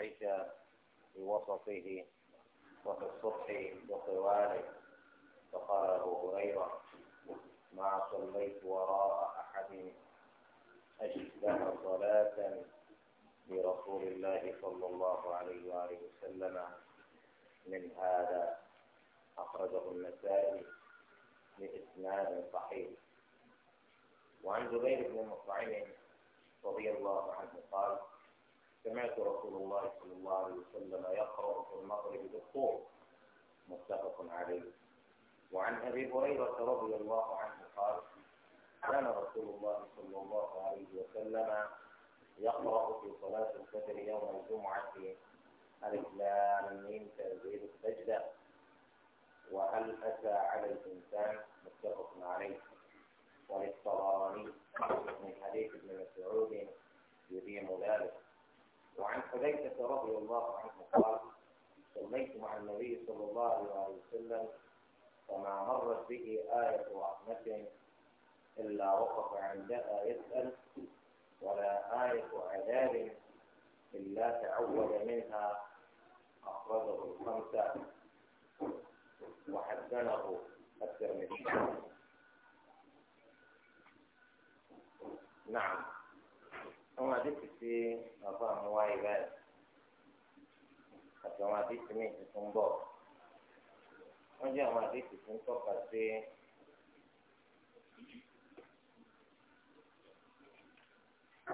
العشاء وسطه وفي الصبح بطواله فقال أبو هريرة ما صليت وراء أحد أشبه صلاة لرسول الله صلى الله عليه وآله وسلم من هذا أخرجه النسائي بإسناد صحيح وعن زبير بن مطعم رضي الله عنه قال سمعت رسول الله صلى الله عليه وسلم يقرأ في المغرب بالطور متفق عليه وعن أبي هريرة رضي الله عنه قال كان رسول الله صلى الله عليه وسلم يقرأ في صلاة الفجر يوم الجمعة ألف لام تنزيل السجدة وهل أتى على الإنسان متفق عليه وللطبراني من حديث ابن مسعود يديم ذلك وعن حذيفة رضي الله عنه قال صليت مع النبي صلى الله عليه وسلم فما مرت به آية رحمة إلا وقف عندها يسأل ولا آية عذاب إلا تعود منها أخرجه الخمسة وحسنه الترمذي نعم àwọn àdìsí tí bàbá mi wáyé báyìí àti àwọn àdìsí mi tuntun bọ̀ wọ́n jẹ́ àwọn àdìsí tó ń tọ́ka sí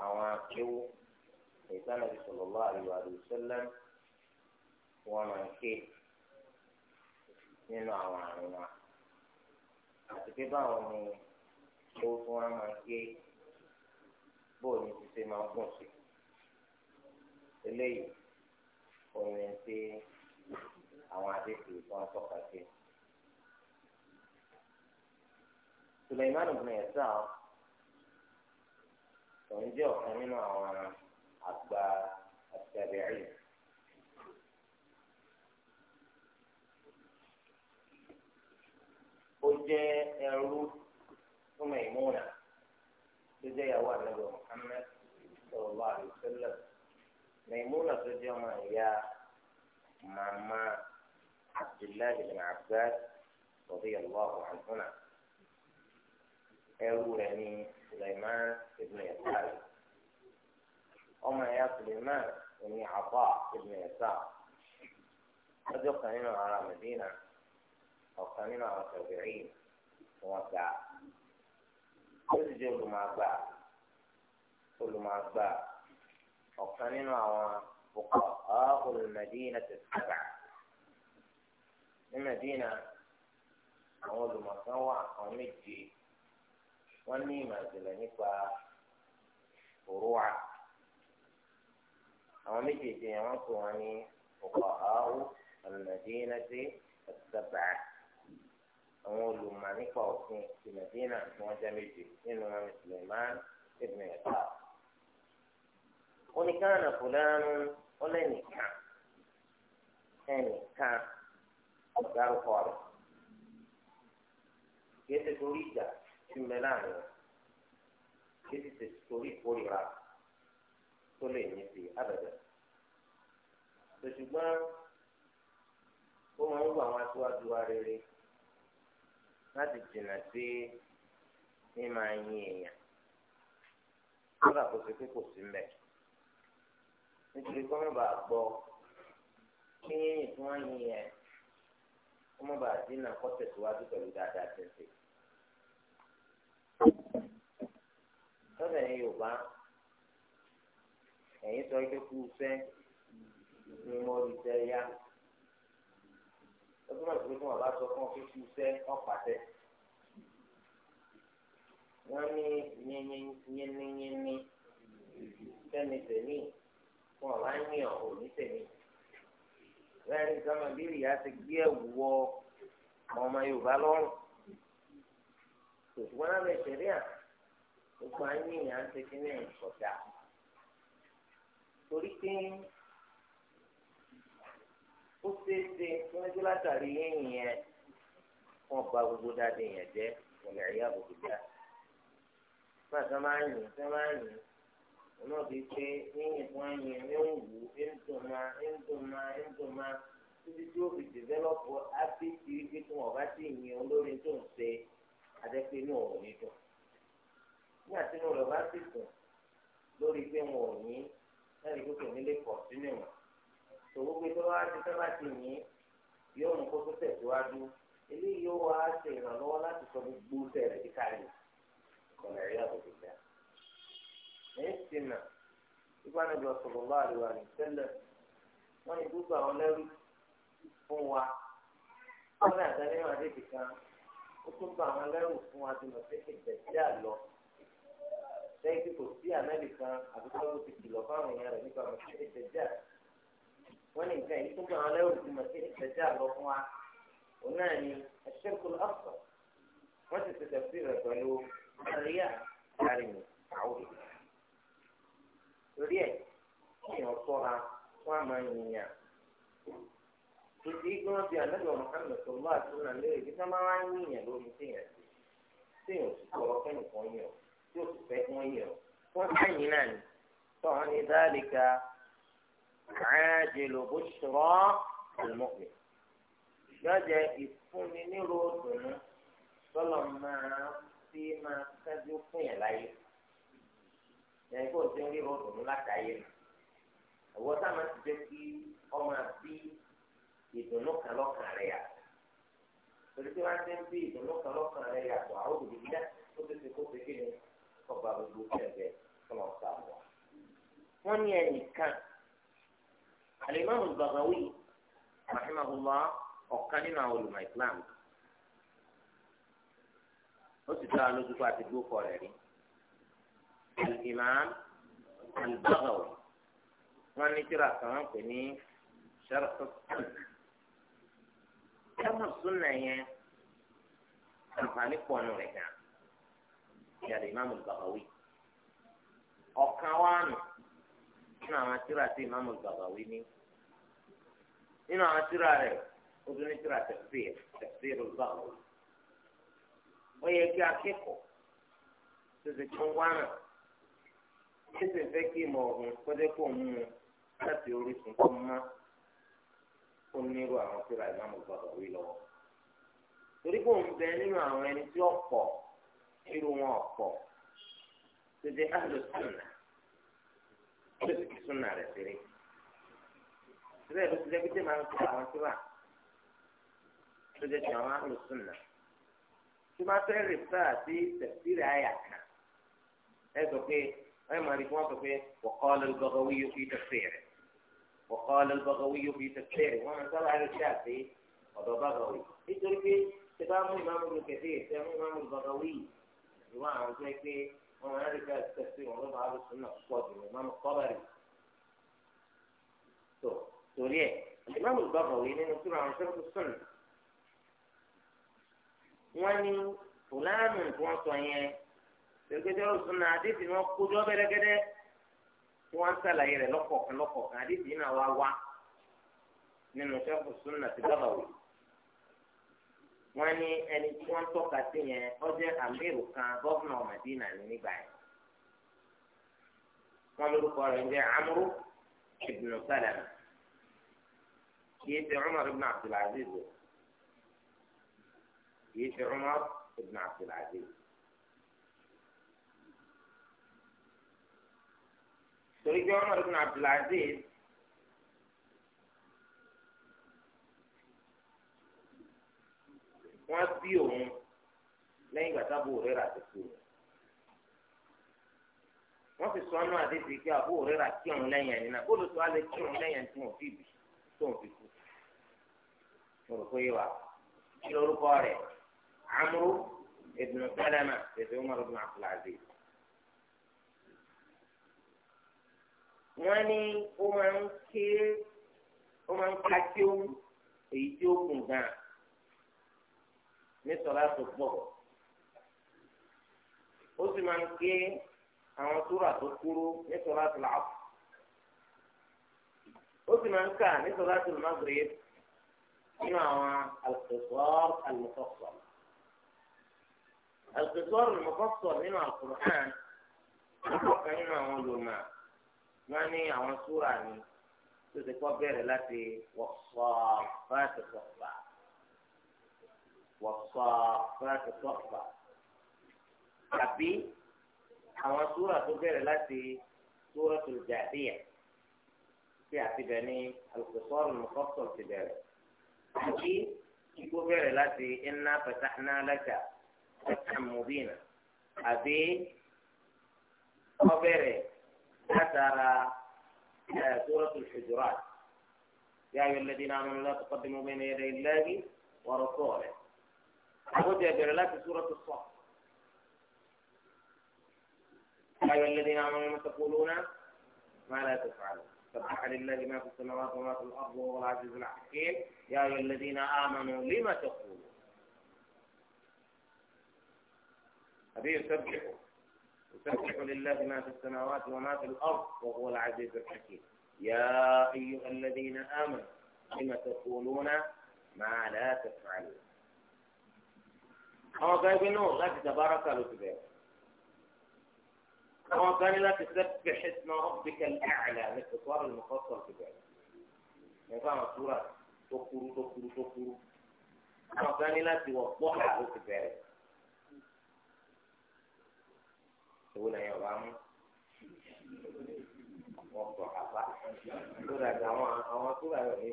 àwọn akéwò ìtànà ìṣòlòlò àríwá àríwá sẹ́lẹ̀ wọn máa ń ké nínú àwọn àrùn wa àti pé báwọn ni ó fún wa máa ń ké bóò ní ti ṣe máa ń gùn sí eléyìí òun ẹ̀ ṣe àwọn adéṣe tó ń tọ́ka sí. Suleiman ibn Yasar òun jẹ́ ọ̀kan nínú àwọn àgbà àtẹ̀bẹ̀rì. Ó jẹ́ ẹrú fún Maimuna. سيدي هو النبي محمد صلى الله عليه وسلم ميمونة سيدي ما هي ماما عبد الله بن عباس رضي الله عنهما أولاني سليمان ابن يسار أما يا سليمان إني عطاء ابن يسار قد يقنين على مدينة أو قنين على تابعين ومتعب ó sì jẹ́ olùmọ̀gbà olùmọ̀gbà ọ̀kan nínú àwọn òkò olùmọ̀dínà ti sábà ní Mẹ̀dínà àwọn olùmọ̀kan wà àwọn méje wọ́n ní ìmọ̀ ìjìnlẹ̀ nípa òrùwà àwọn àwọn yẹn wọ́n wọ́n wọ́n ní òkò olùmọ̀dínà ti sábà. àwọn olùmọ̀ nípa òfin ti tí wọ́n jẹ́ méjì nínú wọn ni ibn ẹ̀fà. oníkànnà ọlẹ́nìkan ẹnìkan rẹ̀ torí ìjà tí torí ìkórìíra tó lè ní ṣùgbọ́n ó máa ń wọ láti jìnnà sí mímọ ayin èèyàn kódà kò sí pé kò sí mbẹ nítorí kọ́ mọ́ ụmụba kí yín tí wọ́n yin yẹn kọ́ mọ́ dínà kọ́ tẹ̀síwájú pẹ̀lú dáadáa túmọ̀ sí pé wọ́n bá sọ fún ọ pé kí iṣẹ́ ọ̀pàtẹ. wọ́n ní yínníyínní sẹ́ni tèmi fún ọ̀la ń yàn ò ní tèmi. lẹ́yìn sọ́mọ bí ìyá ti gbé ẹ̀wù wọ ọmọ Yorùbá lọ́rùn. ṣùgbọ́n lábẹ́ ìṣẹ̀lẹ̀ à gbogbo àyìn ìyá ń ṣe kí ní ìkọ̀dà. torí pé ó ṣeé ṣe kí wọ́n jẹ́ látàrí yẹ́yìn yẹn wọ́n ba gbogbo dáadé yẹn jẹ́ ìrìn àyà gbogbo dá. Nígbà tí wọ́n máa ń yìn tí wọ́n máa ń yìn wọn náà fi pé yíyìn tí wọ́n yìn ní ń wù ú ń dùn ma ń dùn ma ń dùn ma títí tí ó fi dìvẹ́lọ́pù ábí ti rí pé tí wọ́n bá olórí tó ń ṣe adẹ́pẹ́ ní ọ̀rọ̀ ní dùn. Nígbà tí wọn lọ bá ti dùn lórí pé wọn ò yín láti gbogbo nílé pọ̀ sínú ìwọ̀n. tòwó pé tó wá ti sábà ti yìn yóò mú kó tó tẹ̀síwájú eléyìí yóò wá ṣe ìrànlọ́wọ́ láti sọ gbogbo sẹ̀rẹ̀ kíkà rẹ̀ kọ̀ọ̀lẹ̀ rí àbòkè bá àríwá rẹ̀ tẹ́lẹ̀ wọ́n gbogbo àwọn lẹ́rú fún wa wọ́n wọn àdébì kan ó tún gba àwọn lẹ́rú fún wa tó lọ sí lẹ́yìn tí kò sí kan àbíkọ́ ló ti kìlọ̀ fáwọn èèyàn rẹ̀ wọ́n ní nǹkan yìí túbọ̀ àwọn ẹlẹ́wọ̀n ti mọ̀ sí ìtẹ̀jẹ́ àlọ́ fún wa òun náà ni ẹ̀ṣẹ́kù lọ́sọ̀ wọ́n ti ṣẹ̀ṣẹ̀ sí rẹ̀ pẹ̀lú àríyá àrìnì àwọn èèyàn. torí ẹ̀ èèyàn sọ́ra wọ́n á máa yìnyàn. tòtí kí wọ́n fi ànágbà Muhammad sọ̀rọ̀ àtúnà lérè bí wọ́n máa ń yìnyàn lórí téèyàn sí téèyàn sì sọ̀rọ̀ kẹ́nìkan yàn tí ó sì fẹ́ kí wọ́n yàn wọ́n sáyìn náà ni tọ́ àájẹlò bó ṣọrọ àlùmọkùnrin lọjẹ ìfúnni nílò òdùnnú tọlọ máa fi máa kájú fún yẹn láyé yẹn kó o ti ń ríro òdùnnú látàyè nù àwọn táwọn ti jẹ kí ọmọ àbí ìdùnnú kan lọ́kàn rẹ yà torí tí wọn ti ń bí ìdùnnú kan lọ́kàn rẹ yàtọ̀ àwọn òbí dá ó ti ti kó ti kí ni ọba gbogbo fẹẹ bẹ ń sá wọn. wọn ní ẹnìkan. الإمام البغوي رحمه الله وقال علماء الإسلام وستدعى لجوء أتبو فوريري الإمام البغوي وأن ترى كمان كني شرح السنة شرح السنة هي أنفاني كونو لك يا الإمام البغوي ọ̀kan wa nù nínú àwọn tíra tí ìmáàmù Bàbáwí ní nínú àwọn tíra rẹ̀ ó tún ní tíra tafsir tafsir Bàbáwí ó yẹ kí akẹ́kọ̀ọ́ tó ti kún wánà kí sì kí ìmọ̀ ọ̀hún kọ́jẹ́ kó mú un láti orísun tó mọ́ ó nírú àwọn tíra ìmáàmù Bàbáwí lọ́wọ́ torí kò ń bẹ nínú àwọn ẹni tí ọ̀pọ̀ irú wọn ọ̀pọ̀ tètè àlùsùn náà ó sì fi súnà rẹ̀ ṣeré síbẹ̀ ló ti jẹ́ pété máa ń kó àwọn síra tó jẹ́ ti àwọn àlò súnà tó bá fẹ́ rìpá sí tẹ̀síìrì àyà kan ẹ sọ pé ẹ máa rí kí wọ́n sọ pé وقال البغوي في تفسيره وقال البغوي في تفسيره wọ́n máa sábà rí sáà sí ọ̀dọ̀ Bagawi nítorí pé ṣe bá mú ìmáàmù lókè sí ìṣẹ́ mú ìmáàmù وما يعرف هذا التفسير ومن أهل السنة الصادق الإمام الطبري سوريا الإمام البغوي لأنه سورة عن شرط السنة وأني فلان كون صحيح tẹ̀gbẹ́jọ́ sunna àdìsí ni wọ́n kójọ́ bẹ́rẹ́gẹ́dẹ́ tí wọ́n ń sàlàyé rẹ̀ lọ́kọ̀ọ̀kan lọ́kọ̀ọ̀kan àdìsí náà wá wá nínú sẹ́kù sunna ti dábàá wò wọ́n ní ẹni tí wọ́n tọ́ka sí yẹn ó jẹ́ àmírù kan gọ́vnà Madina ní nígbà yẹn wọ́n lórúkọ rẹ̀ ń jẹ́ amúrú ibn Salama kìí ṣe Umar ibn Abdulaziz o kìí ṣe Umar ibn Abdulaziz. torí pé Umar ibn Abdulaziz. wọ́n bí òun lẹ́yìn ìgbà tábù òrẹ́rà ti kú wọ́n fi sọ ọ́nà àdébí pé àbú òrẹ́rà kí òun lẹ́yìn ẹni náà bóòlù tó wá lè kí òun lẹ́yìn ẹni tí wọ́n fi bì tó ń fi kú mo rò pé wà kí lórúkọ rẹ̀ amúrú ibn Salama ètò Umar ibn Abdul Aziz. wọ́n ní ó máa ń ké ó máa ń ká kí ó èyí tí ó kùn gan ní sọlá tó pọ̀ ó sì máa ń ké àwọn súrà tó kúrú ní sọlá tó làákù ó sì máa ń kà ní sọlá tó Maghrib nínú àwọn al-qisar al-mufassal nínú al ọ̀kan nínú àwọn olùmọ̀ wọn ní àwọn súrà ni tó ti kọ́ bẹ̀rẹ̀ láti wọ̀sọ̀ bá ti sọ̀rọ̀ والصافات صفا àbí àwọn súra tó bẹ̀rẹ̀ láti súra tó jàdíyà tí àti bẹ̀ ní alùpùpùsọ́ọ̀rù mọ̀kọ́sọ̀rù ti bẹ̀rẹ̀ àbí igbó bẹ̀rẹ̀ láti iná pẹ̀tàkìnà lẹ́kà ẹ̀ka mùbínà àbí ọbẹ̀rẹ̀ látara súra tó ṣèjúra yáyọ̀ lẹ́dínà ànúlá tó kọ́ dínú bẹ́ẹ̀ ní ẹ̀rẹ́ ìlẹ́gì wọ́rọ̀ sọ̀rọ̀ àwọn ti في سورة الصف sọ. ayọ̀ lẹ́dí náà wọn mọ̀ sọ́kò lónà máa سبح لله ما في السماوات وما في الأرض وهو العزيز الحكيم يا أيها الذين آمنوا لما تقولون أبي يسبح يسبح لله ما في السماوات وما في الأرض وهو العزيز الحكيم يا أيها الذين آمنوا لما تقولون ما لا تفعلون àwọn kan ibi náà láti tabaraka ló ti bẹ̀rẹ̀ àwọn kan ní láti sẹ́pẹ̀ ṣẹ́tìmá ọ̀bìkẹ́ lẹ́ẹ̀lẹ́ ní kòtò àrùn mọ́kọ́sọ̀ ti bẹ̀rẹ̀ nípa àwọn súra tó kúrú tó kúrú tó kúrú àwọn kan ní láti wọ̀ bọ́ọ̀lá ló ti bẹ̀rẹ̀ ìwé lẹ́yìn ọ̀bá mú wọ́n àbá tó dàgbà àwọn àwọn súra yọ̀ ní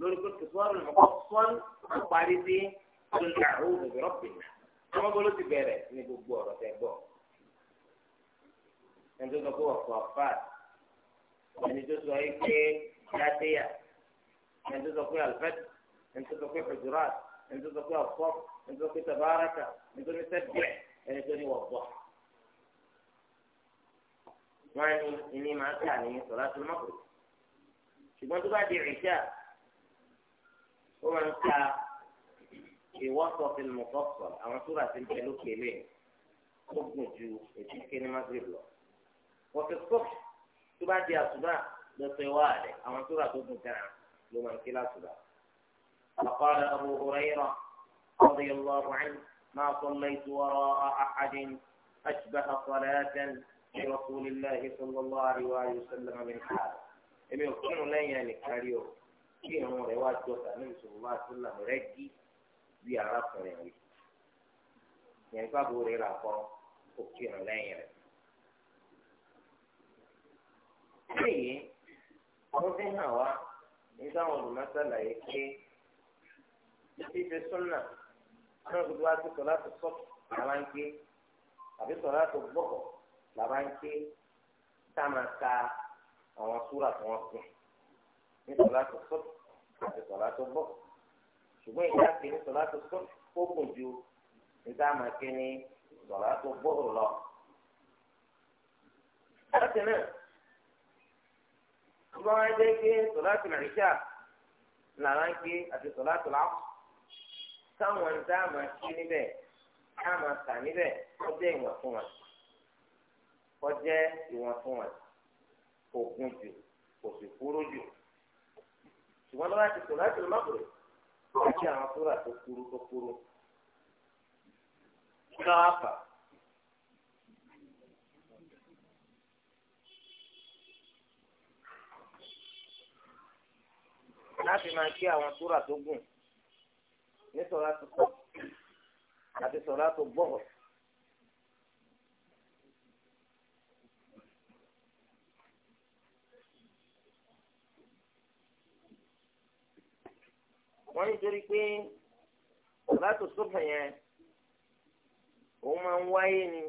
lórí pé kìsọ́ọ̀rù lọ́kọ́ sọ́ọ̀nù ń parí sí olùkà òun ìrọ̀ pèlè àwọn bolo ti bẹ̀rẹ̀ ní gbogbo ọ̀rọ̀ tẹ gbọ́ ẹni tó sọ pé ọ̀pọ̀ àfà ẹni tó sọ yìí pé yàtẹ̀yà ẹni tó sọ pé alfẹ́t ẹni tó sọ pé fẹjúrat ẹni tó sọ pé ọ̀pọ̀ ẹni tó sọ pé tabaraka ẹni tó ní sẹ́bíẹ̀ ẹni tó ní wọ̀pọ̀ wọ́n ní ìní máa ń kà ní sọ̀rọ̀ àti ومن كا في وسط المفصل أو سورة الكلوك إليه تبنج ما مغرب له وفي الصبح تبادي الصباح بطواله أو سورة تبنج تنعم لمن كلا صباح فقال أبو هريرة رضي الله عنه ما صليت وراء أحد أشبه صلاة لرسول الله صلى الله عليه وسلم من حاله. إبن كل لن يعني كاريو kí irun rẹ̀ wá jọ tàbí ìṣòro wá sí làm rẹ̀ gí bí arákùnrin rẹ̀ yẹn gbàgbó rẹ̀ rà kọ́ kó kí irun lẹ́yìn rẹ̀. léyìí wọ́n fi hàn wá nígbà wọn lò mọ́sálàyé pé ṣíṣe súnà náà gbogbo wa ti sọ láti sọ́ọ̀tù làwọn ń gbé àbí sọ láti gbọ́kọ̀ làwọn ń gbé tá a máa ka àwọn súrà tí wọ́n fún un ní sọlá tó sọ àti sọlá tó bọ ṣùgbọ́n ìdá ké ní sọlá tó sọ ó gùn ju níta máa ké ní sọlá tó bọ lọ. láti náà tó bá wáyé dé ké sọlá tó rìn ṣá làwọn ń ké àti sọlá tó láwù táwọn níta máa ké níbẹ̀ táwọn máa kà níbẹ̀ ọjọ́ ìwọ̀n fún wọn kọjá ìwọ̀n fún wọn kò gùn jù kò sì kúrú jù ṣùgbọ́n lọ́wọ́ ti sùn láti lọ́gbọ̀rẹ̀ àti àwọn sóra tó kúrú tó kúrú. Iná wá fà. Láti máa kí àwọn sóra tó gùn ní sọ̀rọ̀ tó sọ̀ àti sọ̀rọ̀ tó gbọ̀rọ̀. wọ́n nítorí pé sọ̀látò sọ́fẹ̀ yẹn òun máa ń wáyé ni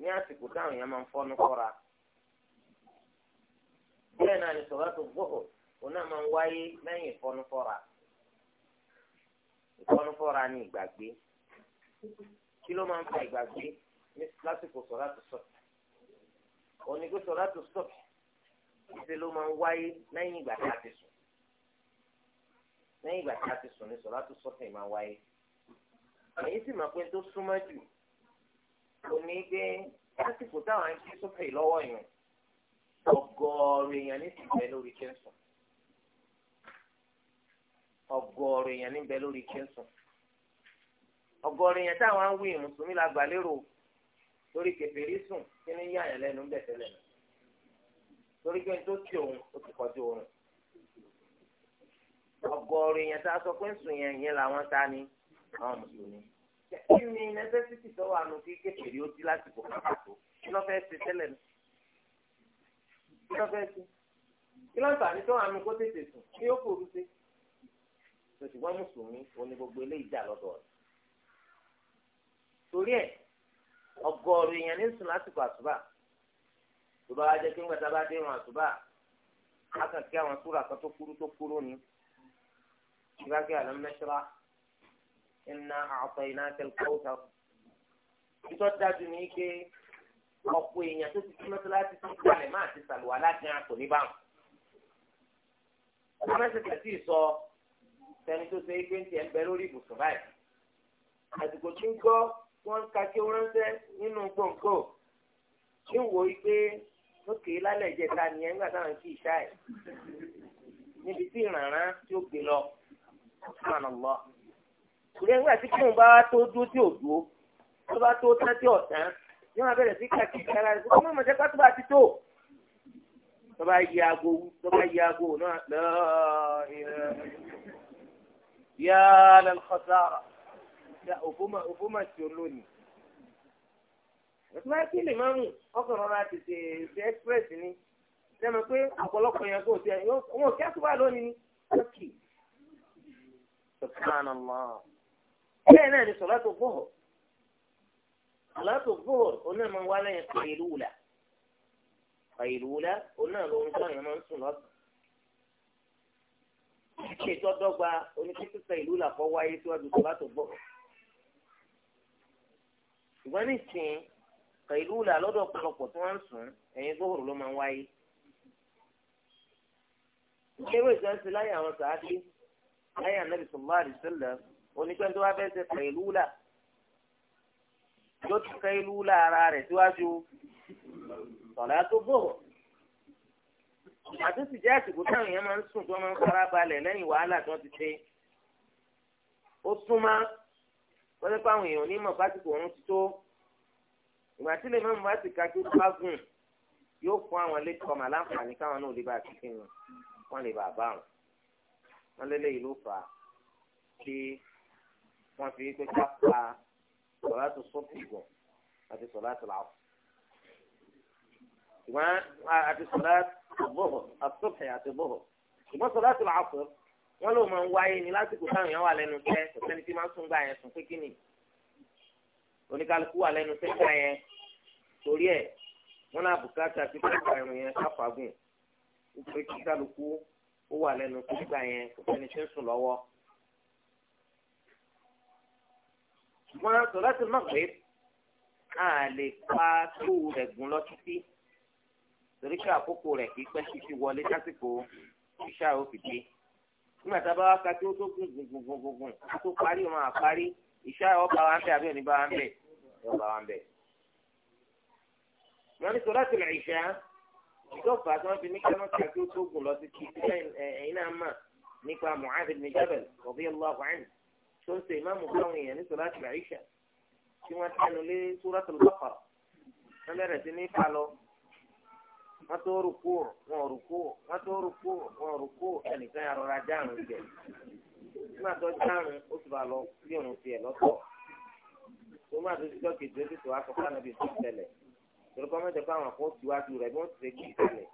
ní àsìkò táwọn èèyàn máa ń fọ́nú kọ́ra bẹ́ẹ̀ náà ni sọ̀látò gbọ́họ̀ òun náà máa ń wáyé lẹ́yìn ìfọ́nú kọ́ra ìfọ́nú kọ́ra ni ìgbàgbé kí ló máa ń fa ìgbàgbé ní lásìkò sọ̀látò sọ́fẹ̀ òun ni pé sọ̀látò sọ́fẹ̀ ìṣe ló máa ń wáyé lẹ́yìn ìgbà tá sùn. lẹ́yìn ìgbà tí a ti sùn ní sọ̀rọ̀ sọta sọ́fẹ̀ máa wáyé èyí sì máa pé tó súnmọ́ jù kò gbé lásìkò táwọn ẹni tí sọ́fẹ̀ lọ́wọ́ yẹn ọgọ́ọ̀rọ̀ èèyàn ní ti bẹ lórí kẹ́ńsùn ọgọ́ọ̀rọ̀ èèyàn ní bẹ lórí ọgọ́ọ̀rọ̀ èèyàn táwọn ń wí la gbà lérò lórí kẹfẹ́rí sùn kí ni yáyàn torí ọgọ́rin yẹn tá a sọ pé ń sùn yẹn yẹn làwọn ta ni àwọn mùsùlùmí. kí ni necessity tó wà nù kí kékeré ó di lásìkò kan pàtó kí ló fẹ́ ṣe tẹ́lẹ̀ nù. kí ló fẹ́ ṣe kí ló ń fà ní tó wà nù kó tètè sùn kí ó kò rú sí. ṣùgbọ́n mùsùlùmí òní gbogbo eléyìí dà lọ́dọ̀ rẹ̀. torí ẹ̀ ọgọ́rin yẹn ní sùn lásìkò àsùbà tó bá wá jẹ́ kí ń gbàtà ìbákẹ́ àlọ́m nẹ́ṣọ́ra iná àtọ̀ iná tẹlifóòtà. ìtọ́ dájú ní pé ọ̀pọ̀ èèyàn tó ti kí mọ́sálásí tó kalẹ̀ máa ti sàlùwà lágbẹ́ àpò níbàmù. ọmọọ̀sẹ̀ tí ì sọ sẹ́ni tó ṣe pé ń tiẹ̀ ń bẹ lórí ibùsùn báyìí. àsìkò tí ń gbọ́ wọ́n ń ka kí ó ránṣẹ́ nínú gbòǹgbò ń wò ó pé lókè lálẹ́ ìjẹta nìyẹn nígbà táwọn kì í ṣáà níbi tí ìrànràn tí ó gbé lọ subhanallah ìyẹn nígbà tí kí n bá tó dúró tí ò dúró tó bá tó tán tí ò tán yóò máa bẹ̀rẹ̀ sí kàkí ìkara rẹ̀ kó má mọ̀ sẹ́kọ́ tó bá ti tó tó bá yí aago tó bá yí aago náà lọ́ọ́ yá lọ́lọ́kọ́sára òfó mà sí olónìí ìtura kí lè máa mú ọkàn rọra tètè ṣe express ni lẹ́nu pé ọ̀pọ̀lọpọ̀ yẹn kò tiẹ̀ wọ́n kí á tó bá lónìí ní subhanallah bẹ́ẹ̀ náà ni sọ̀látò gbóhùn sọ̀látò gbóhùn onímọ̀ wá lẹ́yìn kàìlúùlà kàìlúùlà onáà ló ń tọ́yìn máa ń sùn lọ́sàn. ṣètò ọdọ́gba oníkíkí kàìlúùlà kọ́ wáyé síwájú sọ̀látò gbóhùn. ṣùgbọ́n nísìnyí kàìlúùlà ayé anabi sọlá àdìsẹlẹ onípẹ́ntẹ́ wa fẹ́ẹ́ ṣe kàìlúlà yóò ti kàìlúlà ara rẹ̀ síwájú sọlá tó bọ̀ àti sì jẹ́ àsìkò táwọn èèyàn máa ń sùn tí wọ́n máa ń fara balẹ̀ lẹ́yìn wàhálà tí wọ́n ti ṣe ó súnmọ́ wọ́n pé àwọn èèyàn ní mọ̀ pásítọ̀ ọ̀run tó ìgbà tí lè mọ̀mọ́ bá ti bá gùn yóò fún àwọn létí ọmọ aláǹfààní káwọn náà lè bá a ti wọ́n lè bá bá wọn wọn lélẹ̀ yìí ló fà á kí wọ́n fi pé ká pa sọ̀láàtù sọ́ọ̀tì gbọ̀ àti sọ̀láàtù làwọn. ṣùgbọ́n àti sọ̀láàtù bọ̀họ̀ àsọ̀tì àti bọ̀họ̀ ṣùgbọ́n sọ̀láàtù làwọn wọ́n ló máa ń wáyé ní lásìkò táwọn èèyàn wà lẹ́nu tẹ́ sọ̀tẹ́ni tí máa ń sún gbà yẹn sùn pé kí ni oníkálukú wà lẹ́nu tẹ́ gbà yẹn torí ẹ̀ wọ́n náà bùkátà sí pé ká ìrìn yẹn káfàgùn nítorí kí kálukú ó wà lẹ́nu tó gbà yẹn kò sẹ́ni tí ń sùn lọ́wọ́. ṣùgbọ́n sọ̀láṣí Maghrib a lè pa tó rẹ̀ gùn lọ títí torí pé àkókò rẹ̀ kì í pẹ́ títí wọlé lásìkò ìṣá òfìdí. nígbà tá a bá wá ka tí ó tó gùn gùn gùn gùn gùn a tó parí òun àparí ìṣá ọba wa ń bẹ àbí òní bá wa ń bẹ ọba wa ń bẹ. wọ́n ní sọ̀láṣí Ìṣá ìjọba tí wọ́n fi ní kẹ́mọ́tà kí ó tó gùn lọ sí ti ìpínlẹ̀ ẹ̀yìn náà mà nípa Mu'adh ibn Jabal radiyallahu anhu tó ń ṣe ìmáàmù fáwọn èèyàn ní sọlá ti àyíṣà tí wọ́n tẹnu lé Suratul Baqara wọ́n bẹ̀rẹ̀ sí ní falọ wọ́n tó rúkú wọn rúkú wọ́n tó rúkú wọn rúkú ẹnìkan yà rọra dáhùn jẹ nígbà tó dáhùn ó sì bá lọ bí òun tiẹ̀ lọ́tọ̀ tó má tó ti dọ́kì torí kọ́ mẹ́jọ pé àwọn kan tiwájú rẹ̀ bí wọ́n ti ṣe gbé ìkàlẹ̀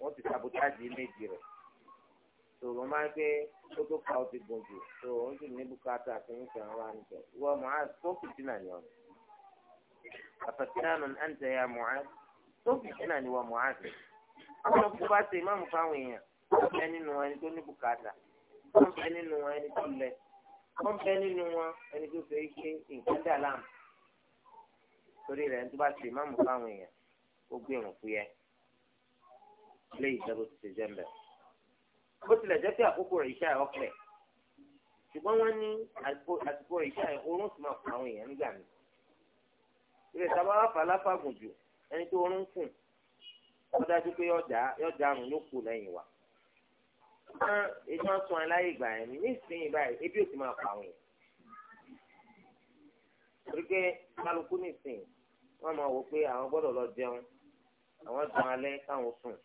wọ́n ti sabotage méjì rẹ̀ tó wọ́n máa ń pé kótó ka ó ti gùn jù tó wọ́n sì ní bùkátà tó ń sàn wá nìkẹ́ wọ́n mọ̀ á tó fìtínà ni ọ̀nà àfẹ̀tínàánù à ń tẹ̀ ya mọ̀ á tó fìtínà ni wọ́n mọ̀ á sí. wọ́n kú bá ṣe máàmù fáwọn èèyàn wọ́n bẹ nínú ẹni tó ní bùkátà wọ́n bẹ nínú ẹni tó lẹ̀ wọ́n bẹ nínú ẹni tó ṣe é ṣe nǹkan dà láàmú torí rẹ̀ tó bá ṣe ìmáàmù fáwọn èèyàn ó gbé ìrùn fún yẹ lé ìjọba ti ṣe jẹ́mbẹ̀. bó tilẹ̀ jẹ́ pé àkókò rẹ̀ iṣẹ́ ọ̀pẹ̀ ṣùgbọ́n wọ́n ní àsìkò iṣẹ́ oorun sì máa fún àwọn èèyàn nígbà mi. ìrẹ̀ sábà wà fà láfàgùn jù ẹni tó oorun kùn wọ́n dájú pé yọjà àrùn ló kù lẹ́yìn wa. ètò ọ̀sùn aláyè ìgbà yẹn nísìnyí báyìí ebi ò ti máa pa àwọn èèyàn. torí pé kálukú nísìnyí wọ́n máa wò pé àwọn gbọ́dọ̀ lọ jẹun àwọn dùn alẹ́ káwọn sùn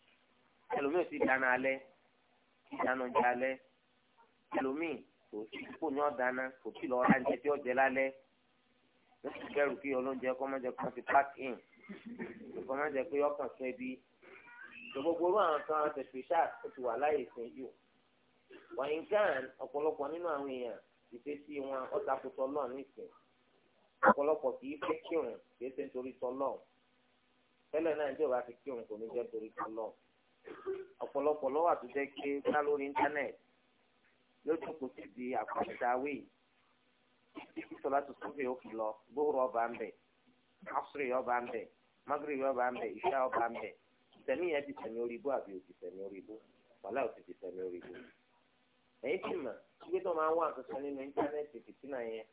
ẹlòmíì ti dáná alẹ́ ti dáná jẹ alẹ́ ẹlòmíì kò sí kò ní ọ̀dáná kò sí lọ ra jẹ tí ọ̀jẹ̀ lálẹ́ ló sì kẹrù kí olóúnjẹ kọ́ máa jẹ kó ti pack in kọ́ máa jẹ pé ọkàn fẹ́ bí gbogbo orú àwọn kan tẹ̀sí ṣáà ó ti wà láyè sìn yìí wọ̀nyí gan ọ̀pọ̀lọpọ̀ nínú àwọn èèyàn ìfésí wọn ọ̀tàkùtọ̀ náà nísìnyí ọ̀pọ̀lọpọ̀ kì í fẹ́ kírun kì í ṣe nítorí tọ́lọ̀ tẹ́lẹ̀ náà ní ìjọba ti kírun kò ní jẹ́ nítorí tọ́lọ̀ ọ̀pọ̀lọpọ̀ lọ́wọ́ àtúnṣe ké ká lórí íńtánẹ́ẹ̀tì yóò jókòó sí di àkọsíṣàwé títí sọlá tó sófè òkè lọ gbóòrò ọba ń bẹ asúrì ọba ń bẹ magrebi ọba ń bẹ ìṣá ọba ń bẹ ìtẹ̀mí yẹn ti tẹ̀mí orí bó àbí òtí tẹ̀mí orí bó wàhálà òtí ti tẹ̀mí orí bó. ẹ̀yin ti mọ̀ ṣígbé tó máa ń wá àtúnṣe nínú íńtánẹ́ẹ̀tì fìtínà yẹn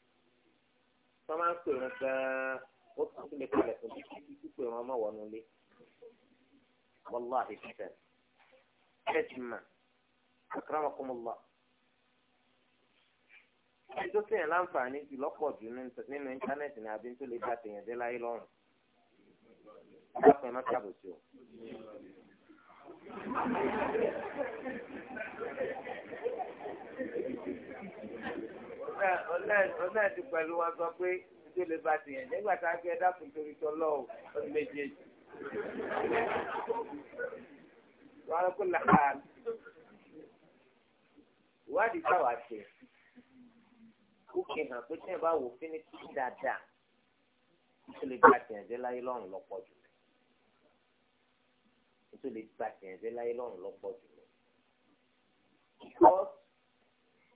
wọ́n máa ń pè wọn gan-an ó tún sílẹ̀ kalẹ̀ fún títí títí pé wọn mọ̀ wọnú lé wọ́lá àdìsẹ́ ẹ̀ ti mà kọ́ mọ́ lọ. ẹjọ́ sẹ́yìn láǹfààní ti lọ́pọ̀ jù nínú íńtánẹ́ẹ̀tì ní abí tó lè dá tèèyàn dé láyé lọ́rùn. ọlọ́pàá má ṣàbòsí o. ọ̀nà ti pẹ̀lú wọn sọ pé tó lè ba tìyàn nígbà tá a gbé dákun torí tọ́lọ́ o ọdún méjèèjì. wàá kó làkà ìwádìí táwa ṣe ó fi hàn pé tí ẹ bá wò fínísì dáadáa tó lè ba tìyàn jẹ́ láyé lọ́rùn lọ́pọ̀ jù tó lè ba tìyàn jẹ́ láyé lọ́rùn lọ́pọ̀ jù. because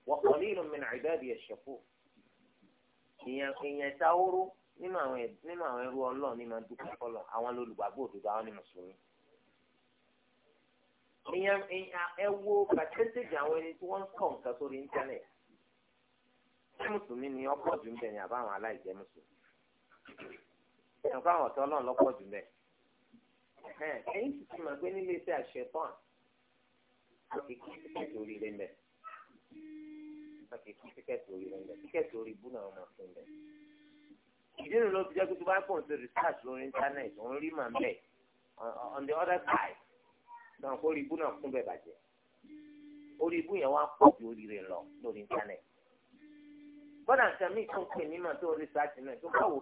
وقليل من عبادي الشكور ìyẹn ìyẹn sáwóró nínú àwọn nínú àwọn ẹrú Ọlọ́run ní máa dúpẹ́ fọlọ àwọn olùgbàgbọ́ òdodo àwọn ní mùsùlùmí ìyẹn ẹ wo pàṣẹtẹjì àwọn ẹni tí wọ́n ń kọ nǹkan sórí íńtánẹẹt ṣé mùsùlùmí ni ọ̀pọ̀ jù ń bẹ ni àbáwọn aláìjẹ mùsùlùmí ẹnìkan àwọn ọ̀tọ̀ Ọlọ́run lọ́pọ̀ jù bẹ ẹ̀yin sì ti máa gbé nílé iṣẹ́ àṣẹ tán àti kí ẹ a kì í fún tíkẹ́ẹ̀tì orí rẹ̀ tíkẹ́ẹ̀tì orí ibú náà wọ́n fún lẹ̀. ìdí nìlọ ti jẹ́ pé tó bá pọ̀ sí research lórí internet òun rí màá bẹ̀ on the other side náà kó orí ibú náà kún bẹ̀ bàjẹ́ orí ibú yẹn wá pọ̀ ju orí rẹ̀ lọ lórí internet. bọ́dà nǹkan mi tó ń pè tó research náà tó bá wò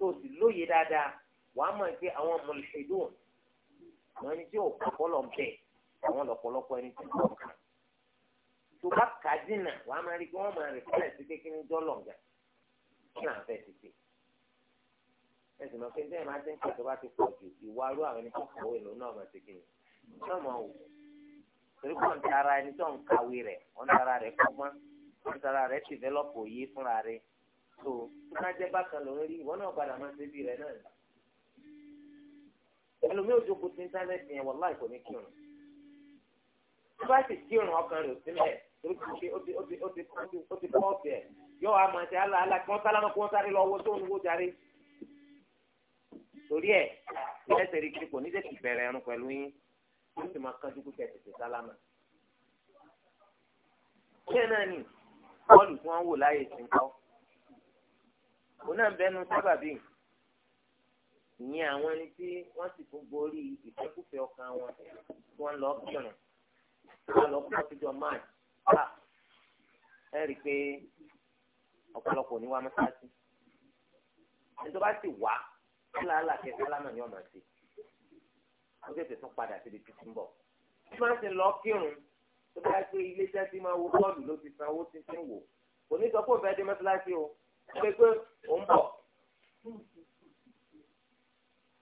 tó sì lóye dáadáa wàá mọ̀ pé àwọn mọ̀lẹ́sẹ̀dùn àwọn ẹni tí ò kọ́kọ́ lọ bẹ̀ àwọn lọ̀pọ̀lọpọ̀ ẹni tí ò kọ́kọ́ tó bá kà dínà wàá máa rí kí wọ́n máa rìn fúnlẹ̀ sí kékeré jọ́lọ̀ gà kí náà fẹ́ ti pè. ẹ sì máa fi ń tẹ́lẹ̀ máa ti ń kà tó bá ti pọ̀ jù ìwà arú àwọn ẹni tó kàwé ló náà máa ti kéde náà máa wò. torí pọ̀ ń tara ẹni tó ń kàwé rẹ̀ ọ̀ ń tara rẹ̀ kọ́gbọ́n ọ̀ ń tara rẹ̀ tìvẹ́lọ́pù òye fúnra rẹ̀ tó kájẹ́ bákan ló ń rí ìwọ náà padà máa ṣe bí rẹ̀ náà. ẹlòmíì ò jókòó oríṣiríṣi ó ti ó ti ó ti ó ti bọ́ ọ̀bẹ yóò wá máa ṣe aláàlá kí wọ́n sálámà kí wọ́n sáré lọ owó tó ń wó darí. torí ẹ ẹsẹ̀ rí kiri kò ní tètè bẹ̀rẹ̀ ẹrun pẹ̀lú yín ó sì máa kánjú kó tètè sálámà. bẹ́ẹ̀ náà ni bọ́ọ̀lù tí wọ́n ń wò láyè ti ń kọ́. òun náà bẹnu sábàbí ìyẹn àwọn ẹni tí wọ́n sì tún borí ìfẹ́kùfẹ́ ọkàn wọn tí wọ́n lọ kírun wọ́n lọ kọ́ síjọ máàkì a ah, ẹ rí i pé ọ̀pọ̀lọpọ̀ ní wa mọ́sáàsì ẹni tó bá sì wá kíláàlà kẹta lámà ni ọ̀nà sí wọ́n tètè tún padà síbi títí ń bọ̀ bí wọ́n ti lọ kírun tó bá pé ilé iṣẹ́ tí máa wo bọ́ọ̀lù ló ti san owó tí ti ń wò kò ní sọ pé òun fẹ́ dé o pé pé òun bọ̀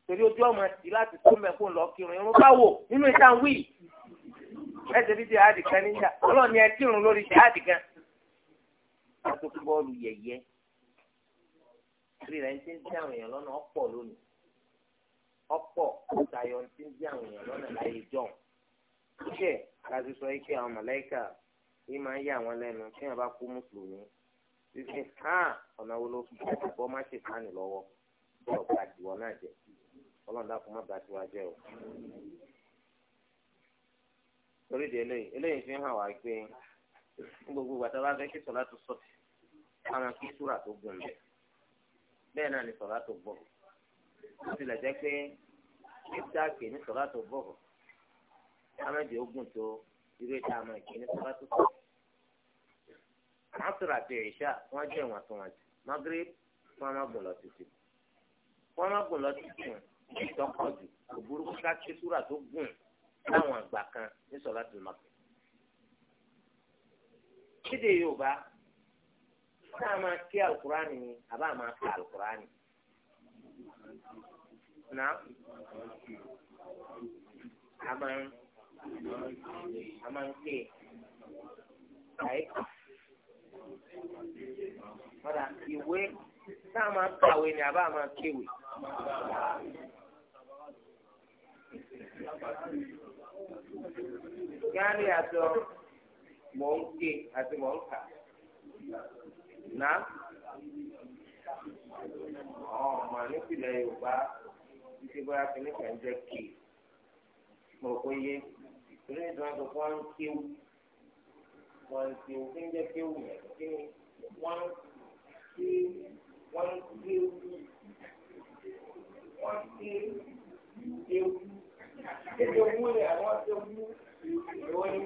torí ojú ọmọ ti láti tó mẹ́kún lọ kírun irun bá wò nínú ìtàn wíì. e bí jihadi kan níjà Ọlọ́run ni ẹ kírun lórí jihadi kan àti bọ́ọ̀lù yẹ̀yẹ́ ń dí àwọn èèyàn lọ́nà ọ̀pọ̀ lónìí ọ̀pọ̀ ti ń dí àwọn èèyàn lọ́nà láyé sọ àwọn mọ̀lẹ́kà yìí máa ń yà wọ́n lẹ́nu kí wọ́n bá kú mùsùlùmí hàn ọ̀nà wo ló fi bọ́ má ṣe lọ́wọ́ ọ̀gá àdìwọ́ o. torí di eléyìí eléyìí fi hàn wá pé ní gbogbo gbàtà bá fẹ́ kí sọ̀lá tó sọ̀tì àwọn kí súrà tó gùn bẹ̀ bẹ́ẹ̀ náà ni sọ̀lá tó bọ̀ ó tilẹ̀ jẹ́ pé kíkà kè ní sọ̀lá tó bọ̀ kámẹ́jì ogun tó irú ìta àmọ́ ìkè ní sọ̀lá tó sọ̀tì. àwọn sọ̀rọ̀ àti ìṣá wọ́n jẹ́ ìwọ̀ntúnwọ̀ntì magre wọ́n má lọ títì wọ́n má gùn lọ títì ìtọ́kọ̀jù òbúrúkú ká kí súrà tó gùn láwọn àgbà kan ní sọláàtì màkì. kéde yorùbá tá a máa kí alukurani ni àbá máa ka alukurani. náà a máa ń a máa ń ké e. àyíká. Padà ìwé tá a máa kàwé ni àbá máa kéwé gánì àtọ mọ̀ ń ké àti mọ̀ ń kà nà ọmọ nípìnlẹ̀ Yorùbá títí bóyá kìíní kan jẹ́ ké mo kó yé torí ìdúrà tó kọ́ ń kéwù wọ́n ń kéwù kí ń jẹ́ kéwù yẹn kí ni wọ́n ń ké wọ́n ń kéwù wọ́n ké kéwù. Kéde owó rẹ̀ àwọn tó mú ìwọ ni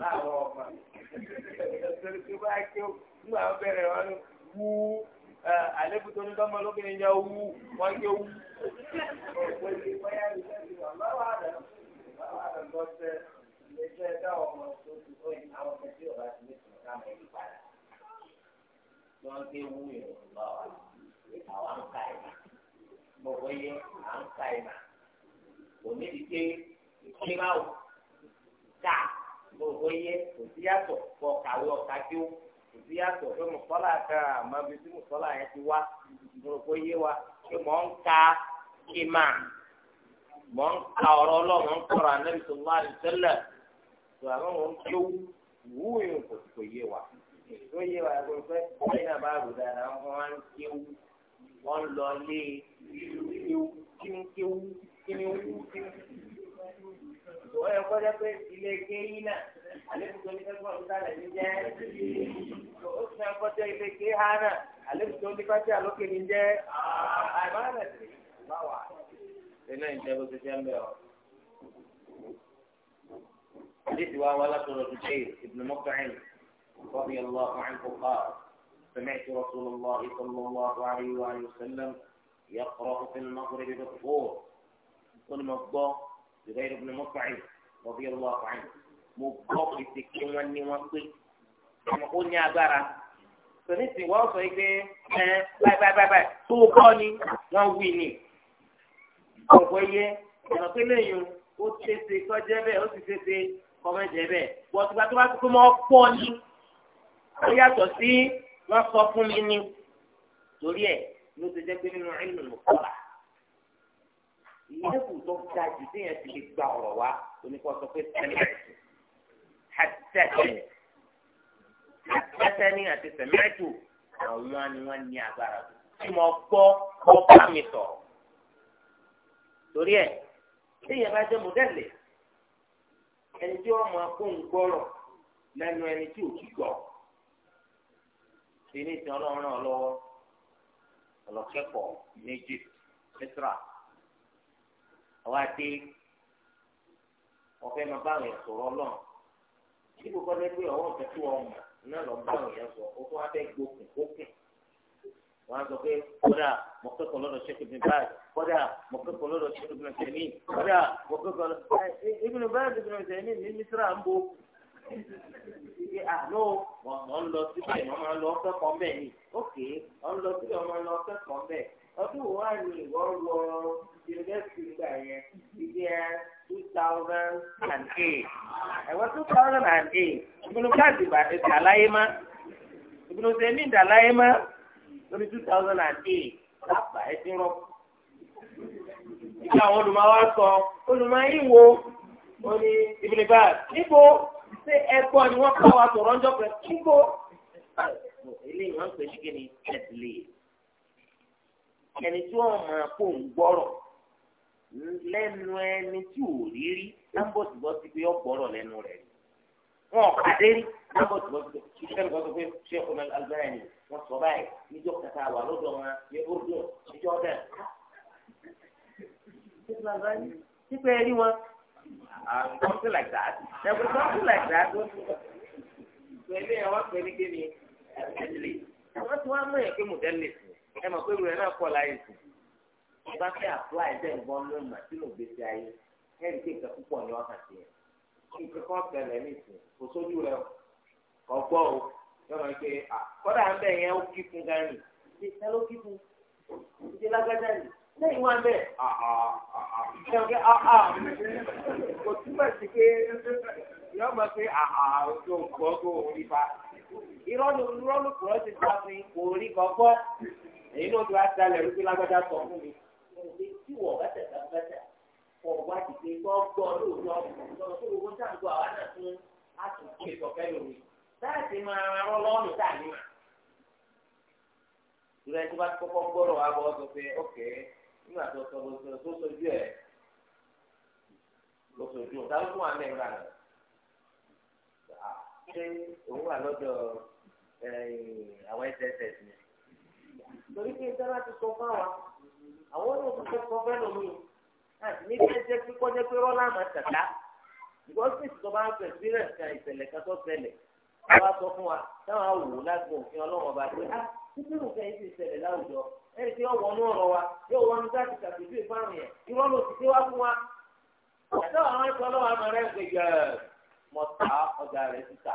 láwọn ọmọ. Ẹ̀sọ́rí tó bá kí ó nígbà wọn bẹ̀rẹ̀ wọn ni wú àlékún tó ní dánmọ́ lóbìnrin yẹn wú wọ́n yẹ wú. Òpè ti báyà ní sẹ́yìn ọ̀la wà dà lọ́wọ́ àdà lọ́sẹ̀ iṣẹ́ ẹ̀dá ọmọ tó ti tó yìí àwọn ọmọ tí ọ̀la ti ní sùn ká mọ̀ yìí padà. Wọ́n gé wú yẹn lọ́wọ́ àwọn àǹkà ìmà. Gbogbo yẹn àǹkà ìmà òní ti ké ìkíni báwò ká gbogbo yẹ kò sí yàtọ̀ kọ kàwé ọ̀ka tí ó kò sí yàtọ̀ pé mùsọ́lá kan àmọ́ bí tí mùsọ́lá yẹn ti wá gbogbo yẹ wa pé mọ̀ ń ka kí máa mọ̀ ń ka ọ̀rọ̀ ọlọ́mọ ń kọ̀rọ̀ anábì tó wá rí tẹ́lẹ̀ tó àwọn ohun tí ó wú ìhùn kò sì kò yé wa tó yé wa kò fẹ́ ṣé náà bá rò dáadáa wọ́n ń kéwú wọ́n lọ lé kéwú kí ń kéwú kí ni owó wọ́n yẹ kọ́ dẹ́pẹ́ ilé kéyìn náà àlébùtò ní fẹ́ẹ́ gbọ́dọ̀ sálẹ̀ ní jẹ́ ó sì máa kọ́ tẹ́ ilé kéyìn hàn náà àlébùtò ní fẹ́ẹ́ tẹ́ àlókè ní jẹ́ àìmọ́ràn ẹ̀sìn báwa. ilé ìjẹ́ bó ti jẹ́ ń bẹ̀ ọ́. حديث وهو لك رجلين ابن مطعم رضي الله عنه قال سمعت رسول الله صلى الله عليه وسلم يقرأ في المغرب بالطور wọn ni mo gbọ́ Zubair ibn Mut'im radiyallahu anhu mo gbọ́ pèsè kí wọ́n ní wọ́n pé ó ní agbára tòní tí wọ́n sọ pé ẹ báyìí báyìí báyìí tó kọ́ ni wọ́n wí ni ọ̀pọ̀ yẹ ọ̀nà pé lẹ́yìn ó tẹ̀sẹ̀ kọjá bẹ́ẹ̀ ó sì tẹ̀sẹ̀ kọ́mẹ́jẹ bẹ́ẹ̀ bọ̀tùgbà tó bá tó kó máa pọ̀ ni ó yàtọ̀ sí wọ́n sọ fún mi ni torí ẹ̀ ló ti jẹ́ pé nínú ìlú mọ̀kọ́lá lẹ́kùn tó ga jù téèyàn ti lè gba ọ̀rọ̀ wa oníkọ́ sọ pé sẹ́mẹ́tù hàtẹ́tẹ̀ hàtẹ́tẹ̀ ní àti sẹ́mẹ́tù àwọn ni wọ́n ní agbára tó tí mo gbọ́ kọ́ bá mi sọ̀rọ̀ torí ẹ̀ téèyàn bá jẹ́ mọ́dẹ́lì ẹni tí wọ́n máa kó ń gbọ́rọ̀ lẹ́nu ẹni tí ò kí gbọ́ ṣe ní ìsìn ọlọ́run náà ọlọ́kẹ́kọ̀ọ́ méjì mẹ́tírà àwa dé ọ̀fẹ́ máa bá àwọn èèyàn sọ̀rọ̀ náà tí kò kọ́lé pé ọwọ́ nǹkan tí wọ́n mọ̀ náà lọ bá àwọn èèyàn sọ ó tún wá fẹ́ gbókùn gbókùn wọ́n á sọ pé kódà mo kẹ́kọ̀ọ́ lọ́dọ̀ ṣẹ́kù mi báyìí kódà mo kẹ́kọ̀ọ́ lọ́dọ̀ ṣẹ́kù mi tẹ̀mí kódà mo kẹ́kọ̀ọ́ lọ́dọ̀ ṣẹ́kù mi báyìí ṣẹ́kù mi tẹ̀mí ní mísírà ń bo ṣe àlọ́ wọn lọ síbẹ̀ wọn máa lọ kẹ́kọ̀ọ́ bẹ́ẹ̀ ni ókè wọn lọ síbẹ̀ wọn máa lọ kẹ́kọ̀ọ́ bẹ́ẹ̀ ọdún wo wá ní ìwọ wọ yunifásitì gbà yẹn ìdí ẹ two thousand and eight ẹ̀wọ́ two thousand and eight ìbùnú káàdì ìdàláyé má ìbùnú sẹ́mi ìdàláyé má lórí two thousand and eight lápá ẹ ti rọ. nígbà àwọn olùmọ̀wá sọ olùmọ̀ yìí wo ó ní ìbùnú bá níbo ṣé ẹ̀kọ́ ni wọ́n kọ́ wa sọ̀rọ̀ ńjọ́ pẹ̀ níbo. eléyìí wọ́n pè é ṣíkè ní ẹ̀sìn lè ẹni tí wọ́n máa kó ń gbọ́rọ̀ lẹ́nu ẹni tí ò rí rí lámbọ̀tìbọ̀tì pé ó gbọ́rọ̀ lẹ́nu rẹ̀ wọn ò pàdé rí lámbọ̀tìbọ̀tì ìṣẹ́ni kan sọ pé ṣé ọ̀nà agbára ni wọ́n sọ báyìí níjọ́ kàtà wà lọ́dọ̀ wọn ní ọdún níjọ́ dẹ̀. Nípa ẹ̀rí wọn, something like that. There was something like that. Pẹ̀lú ẹ̀ wọ́n pẹ̀lú kí ni? Wọ́n ti wá mọ̀ ẹ̀ pé mò ẹ mọ̀ pé ìrù ẹ̀ náà pọ̀ láyé sùn ìbá fẹ́ apply bẹ́ẹ̀ gbọ́n lónìí àti lògbèsè ayé ẹ̀ ń kéka púpọ̀ ní ọ̀hàn sí ẹ̀ nǹkan kan tẹ̀lé nìsín kò sójú rẹ kò gbọ́ o yọ̀rọ̀ pé kọ́dà ń bẹ̀ yẹn ó kí fún gani ṣe ṣe ló kí fún ṣe lágbájá yìí lẹ́yìn wá bẹ́ẹ̀ ṣe ọ̀gẹ́ kò túbọ̀ sí pé yọ̀ọ́ mọ̀ pé ojú ògbọ́gbọ́ òun nípa irọ́ ló irọ́ ló kúrọ́ ti sá fún kò rí kọ́ gbọ́. e náà ti wá ti alẹ̀ rúbí sọ fún mi tí wọ̀ bẹ́tẹ̀ bẹ́tẹ̀ kọ̀ wá gbọ́ lóòótọ́ gbogbo ń gbọ́ àwa náà tún lómi máa rán tá ní mà. ìrẹ́ kọ́kọ́ gbọ́rọ̀ bọ́ sọ pé nígbà tó sọ bó tó sojú ẹ̀ sojú ọ̀tá ló fún wa torí pé ìjọba ti sọ fún wa àwọn ọ̀nà tó fẹ́ sọ fẹ́ lómi ní bẹ́ẹ̀ jẹ́ pé kọ́jẹ́ pé rọ́lá àmà tàkà ìgbọ́sí ìjọba ń fẹ́ sí rẹ̀ kan ìṣẹ̀lẹ̀ kan tó ṣẹlẹ̀ wọ́n á sọ fún wa táwọn awò láti òfin ọlọ́run ọba pé á ah, títí nǹkan yìí ti ṣẹlẹ̀ láwùjọ ẹni tí wọ́n wọnú ọ̀rọ̀ wa yóò wọnú láti ṣàpèjú ìfáwọn yẹn irọ́ ló ti dé wá fún wa. àtàwọn àwọn ẹ̀kọ́ ọlọ́run àmọ́ rẹ̀ ń gbẹ̀gẹ̀ mọ̀ta ọjà rẹ̀ síta.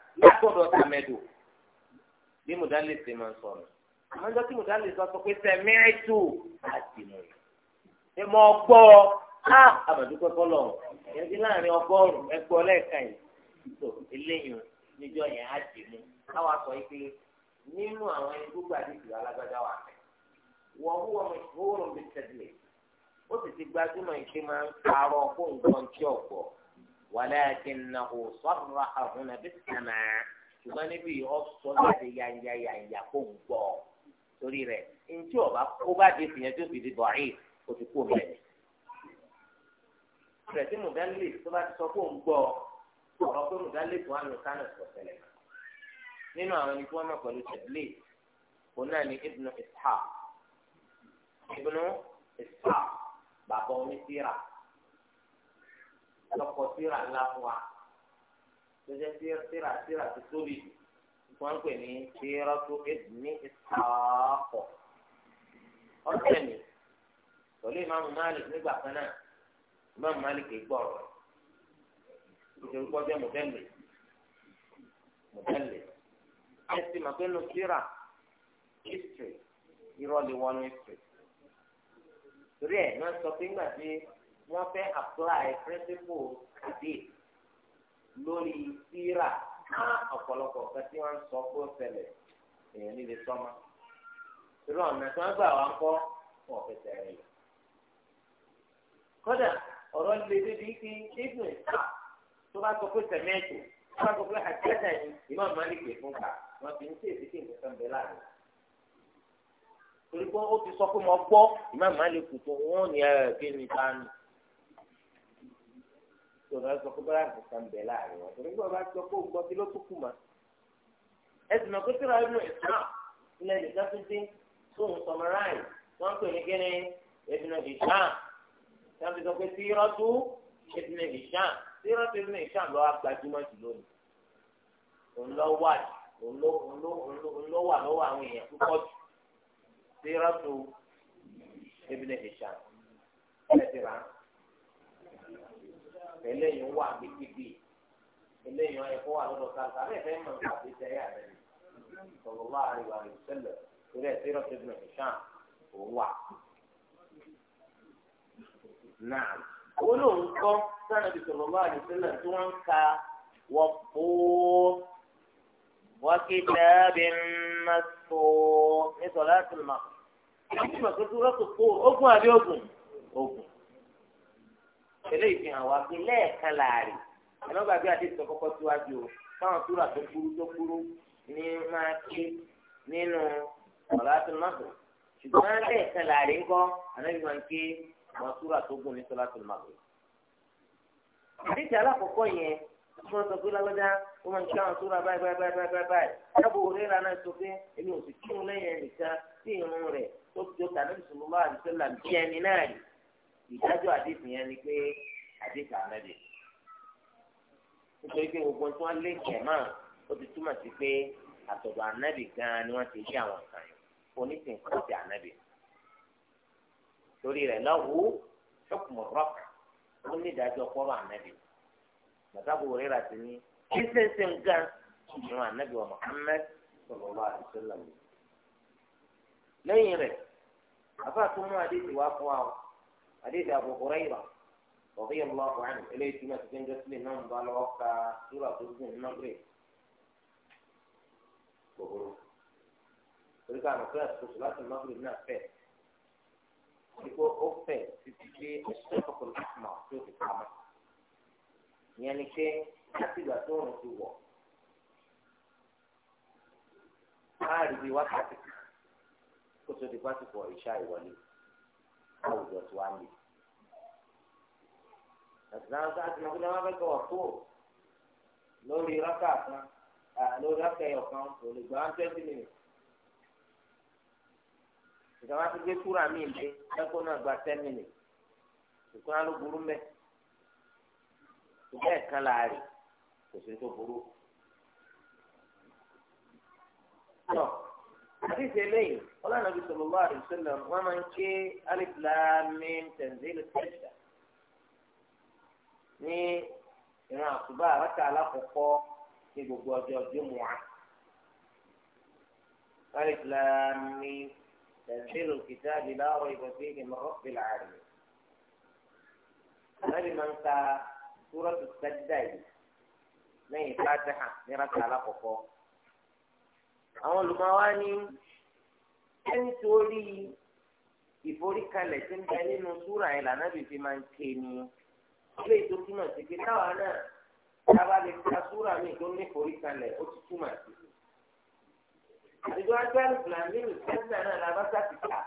látọ̀dọ̀ tàmẹ́dù bí mùdálẹ̀ ṣe máa ń sọ̀rọ̀ àmọ́ ìjọ tí mùdálẹ̀ sọ sọ pé sẹ̀mẹ́rìtù àti mọ̀ ṣé mo gbọ́ á àbàdúgbò fọlọ̀ yẹn ti láàrin ọgọ́rùn-ún ẹgbẹ́ ọlẹ́ẹ̀kan yìí tó eléyìí níjọ yẹn á dì mú káwa sọ pé nínú àwọn ẹni gbogbo àdìsí alágbádá wà fẹ́ wọ́n wú ọmọ ìfowórùn bíi tẹ̀lé ó sì ti gbajúmọ̀ ìṣe máa ń parọ́ fóun gbọ́n tí ọ̀pọ̀ ولكنه صرح هنا بالسماع ṣùgbọ́n níbí ọ̀sọ́ láti yanya yanya kó ń gbọ́ torí rẹ̀ ntí ọba kó bá di fìyẹn tó fi di bọ̀ọ̀rì kò ti kó mẹ́rin. rẹ̀ tí mùdálì tó bá ti sọ kó ń gbọ́ ọ̀rọ̀ pé mùdálì tó wà ní kánò sọ nínú àwọn ẹni tí wọ́n mọ̀ pẹ̀lú tẹ̀lé òun náà ni ibnu ishaq ibnu ishaq bàbá omi síra lọ́kọ̀ síra ńlá fún wa tó jẹ́ síra síra tó tóbi wọ́n ń pè ní síra tó ní ìsàkọ̀ ọ̀sẹ̀ mi pẹ̀lú ìmáàmù Malik nígbà kan náà ìmáàmù Malik kì í gbọ̀rọ̀ nítorí pé ọjọ́ mọ̀tẹ́lẹ̀ mọ̀tẹ́lẹ̀ ẹ̀sìn màpẹ́nu síra history irọ́ lè wọnú history torí ẹ̀ ní wọ́n sọ pé ńgbà tí wọ́n fẹ́ apply principle hadith lórí síra ah, ọ̀pọ̀lọpọ̀ kan tí wọ́n ń sọ pé ó ṣẹlẹ̀ èèyàn nílé sọ́mọ́ irú ọ̀nà tí wọ́n gbà wá ń kọ́ wọ́n fẹ́ tẹ̀lé lọ. kódà ọ̀rọ̀ lè débi kí ibùn ìta tó bá sọ pé sẹ̀mẹ́ẹ̀tì tó bá sọ pé àjẹ́tà ni ìmọ̀ màlìkè fún ká wọ́n fi ń ṣe èsì kí nǹkan kan láàrin. torí pé ó ti sọ pé mo gbọ́ ìmọ̀ màlìkè tó wọ́n ní ẹ̀ẹ́dẹ́gbẹ̀rin eh, tó o bá sọ pé báyà kò kàn bẹ̀ láàrin wọn torí pé o bá sọ pé o gbọ́ kí ló tó kù mọ́ ẹ sì mọ̀ pé tí wàá nù ìsìlám ilẹ̀ nìkan tó dé tó ń sọmọráì wọ́n ń pè ní kíni ìbìnà ìṣàn tí wọ́n fi sọ pé tí irọ́ tó ìbìnà ìṣàn tí irọ́ tó ìbìnà ìṣàn lọ́wọ́ gbajúmọ̀ jù lónìí òun lọ wà òun lọ wà lọ́wọ́ àwọn èèyàn púpọ̀ jù tí irọ́ tó ìbìnà ìṣàn ẹ̀ ti rà eléyìí ń wà níbikíbi eléyìí ẹ̀kọ́ wà lọ́dọ̀ káàkiri abẹ fẹẹ mọ nípa àbíjẹ yà rẹ ni sọlọlá àríwá rẹ ṣẹlẹ̀ torí ẹ sẹrọ tó gbìyànjú sàn ó wà. náà owó ló ń kọ́ sànàbí àríwá tí wọ́n ń ka wọ́n tó ogun àbí ogun? Ogun. eléyìí fi hàn wá pé lẹ́ẹ̀kan láàrin ẹ̀rọ gbàgbé àdéhùn kọ́kọ́ síwájú o táwọn túrà tó kúrú tó kúrú ní máa ké nínú ọ̀rọ̀ àti mọ́tò ṣùgbọ́n lẹ́ẹ̀kan láàrin ń kọ́ ànábi máa ń ké àwọn túrà tó gùn ní sọ́lá tó mọ́tò. àdéhùn alákọ̀ọ́kọ́ yẹn tí wọ́n sọ pé lágbájá ó máa ń ké àwọn túrà báyìí báyìí báyìí báyìí báyìí dábò òrèrà náà sọ pé èmi ò sì kírun lẹ́yìn ẹnìkan sí ìrun rẹ̀ tó jọ tàbí ìdájọ́ àdéhùn yẹn ni pé àdéhùn àmẹ́lẹ̀ nítorí pé gbogbo tí wọ́n lé kẹ̀mọ́ ó ti túmọ̀ sí pé àtọ̀dọ̀ ànábì gan-an ni wọ́n ti rí àwọn kan yìí onísìn kọ́ ti ànábì torí rẹ̀ lọ́wọ́ ṣọ́kùnmọ̀ rọ́ọ̀kì ó ní ìdájọ́ pọ́rọ̀ ànábì bàtàkù rírà sí ní ṣíṣẹ́ṣe nǹkan ìrún ànábì wa Muhammad sallallahu lẹ́yìn rẹ̀ àbá tó mú adé ti wá fún wa o. حديث أبو هريرة رضي الله عنه إليه تما تكن جسلي ضال بالوقع سورة تزن المغرب بقولوا تلقى مكان صلاة المغرب ناس فيه يقول أوفى تتجي الشفق الأحمر سورة الكعبة يعني كي حتى لا تون سوى هذه وقت كتب فاتك وإشاء وليه àwùjọ tí wàá lè. ìsìlámù sáà ti mọ̀ pé wọ́n fẹ́ kọ́ ọ̀tún lórí rákà kan lórí rákà ẹ̀yọ̀ kan kò lè gbà wọ́n twenty minutes. ìjọba ti gbé kúrà míì lé ẹ̀kọ́ náà gba ten minutes. ìkúrà ló burú mẹ́. ìbẹ́ẹ̀ kan láàárín kò sí tó burú. حديث إليه قال النبي صلى الله عليه وسلم ومن كي ألف لام من تنزيل السجدة ني إنا أصبع ركع لفقه في بقوة الجمعة ألف لام من تنزيل الكتاب لا ريب فيه من رب العالمين هل من سورة السجدة ني فاتحة ركع لفقه àwọn olùmọ̀wá ní ẹni tó rí ìforíkalẹ̀ tí ń bẹ nínú súrà yẹn lànà bìbí máa ń ké ni ilé ètò túmọ̀ sí pé táwa náà tábà lè ka súrà míì tó ní ìforíkalẹ̀ ó ti túmọ̀ sí i. àdìgbò agbára fúlàní ìfẹ́sẹ̀ náà la bá sàkìkà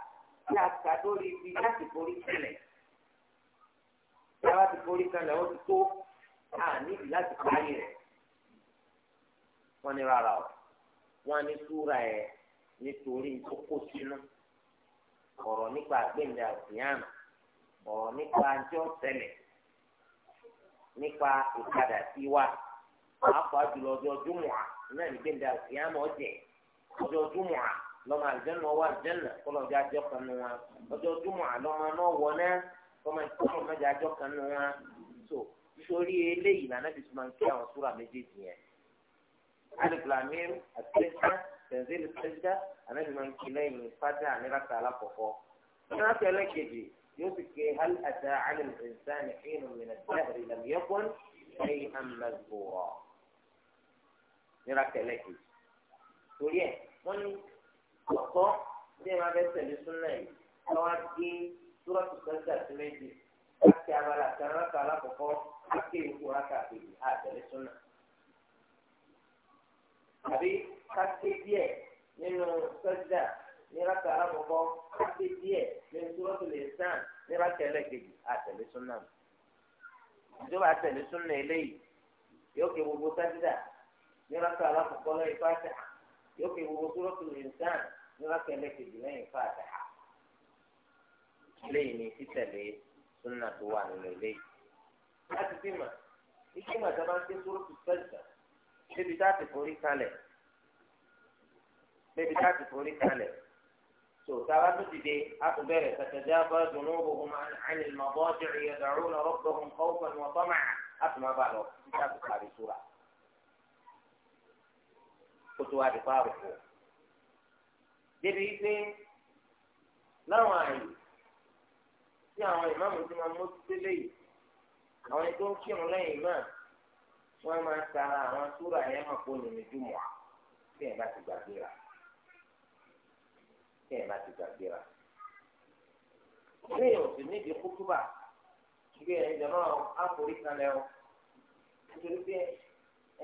kí a kà lórí ibi láti foríkalẹ̀ táwa ti foríkalẹ̀ ó ti tó àníbi láti parí rẹ̀ wọ́n ní rárá o wọn ní súra ẹ nítorí tó kó sínú ọ̀rọ̀ nípa àgbẹ̀ǹdà òsìyàn ọ̀rọ̀ nípa ajọ́ ṣẹlẹ̀ nípa ìpadà sí wa pàápàá jùlọ ọjọ́ júmùà náà ní gbẹ̀ǹdà òsìyàn ọ̀jẹ̀ ọjọ́ júmùà lọ́mọ àlùjẹ́nà ọwọ́ àlùjẹ́nà kọ́lọ́jà ajọ́ kan nù wọn ọjọ́ júmùà lọ́mọ náà wọ náà kọ́mọ ìkọ́lọ́ mẹ́jọ ajọ́ kan nù wọn so nítorí eléyìí lànà bí sùnmọ́ ń àwọn súra méjèèjì yẹn. ألف لاميم السجدة تنزيل السجدة أنا من كلي من فتى أنا رأت على فوق أنا أسأل كذي يبكي هل أتى عن الإنسان حين من الدهر لم يكن شيئا مذكورا نراك لك تقول ايه من وقت دي ما بيسه لسنة سواد دي سورة السلسة سميدي أكي أبالا سنراك على فوق أكي يقول أكا في هذا لسنة àbí káké díẹ̀ nínú sọ́jà nira kàrà bọ̀bọ̀ káké díẹ̀ nínú sọ́tò lè sàn nira kẹlẹ̀ kejì àtẹ̀lé súnà mi. ìjọba àtẹ̀lé súnà eléyìí yóò ké gbogbo sọ́jà nira kàrà bọ̀bọ̀ lẹ́yìn fàtà yóò ké gbogbo sọ́tò lè sàn nira kẹlẹ̀ kejì lẹ́yìn fàtà. eléyìí ni títẹ̀lé súnà tó wà nínú eléyìí. láti fi mà ike màtá máa ń ké sọ́jà níbi tá a ti forí kalẹ̀ níbi tá a ti forí kalẹ̀ tó táwa tó dìde a tún bẹ̀rẹ̀ tatajafa junubuhum an al-madaji'i yad'una rabbahum khawfan wa tama'an a tún máa bá lọ títí a tún parí sura kótó wa di fáàrù kù débi pé láwọn àyè tí àwọn ìmáàmù ti máa mú sílé yìí àwọn ẹni ń kírun lẹ́yìn náà wọ́n máa ń sara àwọn súrà yẹn hàn kó nínú jùmọ̀ à kí ẹ̀ bá ti gbàgbéra kí ẹ̀ bá ti gbàgbéra. ilé ìwòsì níbi kútúbà ìgbé ẹ̀ jọ̀mọ́ àforí kalẹ̀ o nítorí pé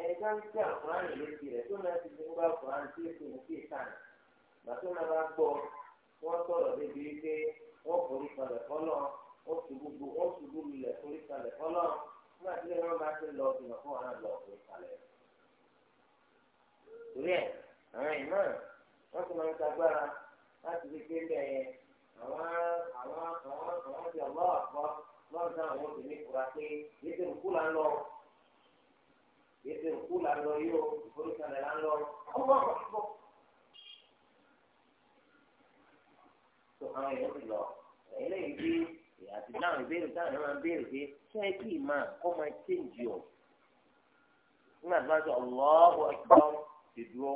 ẹni tó ń tẹ àkùránì létí rẹ̀ tó náà ti fi ń gbọ́ àkùránì tí èso ní sí ìtàn gbà tó náà bá gbọ́ wọ́n sọ̀rọ̀ débi wípé wọ́n forí kalẹ̀ fọ́lọ́ wọ́n ṣubú lulẹ̀ forí kalẹ̀ fọ́lọ́ nígbà tí wọ́n bá ti lọ sí ọ̀fún ọ̀nà lọ sí ìsàlẹ̀. torí ẹ̀ àwọn ìmọ̀ wọ́n ti máa ń tagbára láti fi gbé bẹ́ẹ̀ yẹn àwọn àwọn àwọn àwọn ti ọlọ́ àkọ́ lọ́dún náà wọ́n ti ní kura pé yéte òkú là ń lọ yéte òkú là ń lọ yóò ìforíkalẹ̀ là ń lọ ọgbọ́n ọgbọ́n. tó àwọn èèyàn ti lọ ẹ̀yìn lẹ́yìn bíi àti dáhùn ìbéèrè táwọn èèyàn máa ń béèrè pé ṣé kí ìmáà kọ́ máa ṣéǹjì ọ̀ nígbà tí wọ́n sọ Allahu Akbar ti dúró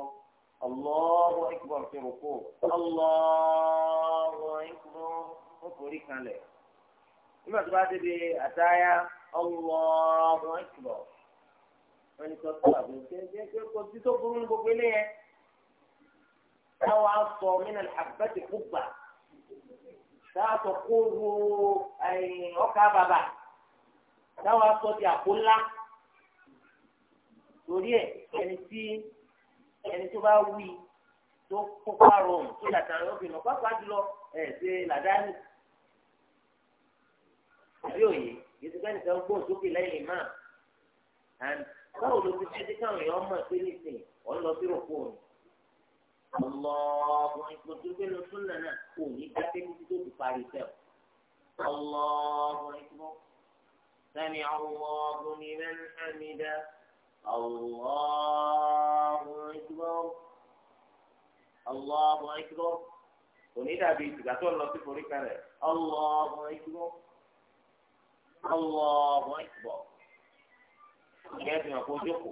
Allahu Akbar ti rúkú Allahu Akbar ó forí kalẹ̀ nígbà tí wọ́n bá débi àtáyá Allahu Akbar wọ́n ní sọ́kọ́ àbúrò ṣe ṣe ṣe kó tí tó burú ní gbogbo ilé yẹn táwọn á sọ mí sáàtọ̀ kóru ọkà bàbà táwọn aṣọ ti àpò ńlá torí ẹ ẹni tí ẹni tó bá wí tó kópa rọrùn tó dàtà obìnrin pápá jùlọ ẹ ṣe làdáni àbí òye yìí bẹ́ẹ̀ nìkan gbóhùn sókè lẹ́yìn máa báwo ló ti ṣe dé káwọn èèyàn mọ̀ pé nìsín ọ̀ ń lọ sí rògbòmù. Ọlọ́ọ̀bùn ìkòtò gbé lọ súnlẹ̀ náà kò ní dákẹ́ títí tó fi parí sẹ́ọ̀. Ọlọ́ọ̀bùn ìkòtò sẹ́ni ọlọ́ọ̀bùn ní mẹ́rin-mẹ́rin-dá. Ọlọ́ọ̀bùn ìkòtò Ọlọ́ọ̀bùn ìkòtò kò ní dàbí ìtìgbà tó lọ sí forí kan rẹ̀. Ọlọ́ọ̀bùn ìkòtò Ọlọ́ọ̀bùn ìkòtò ìyẹn fi hàn kó jókòó.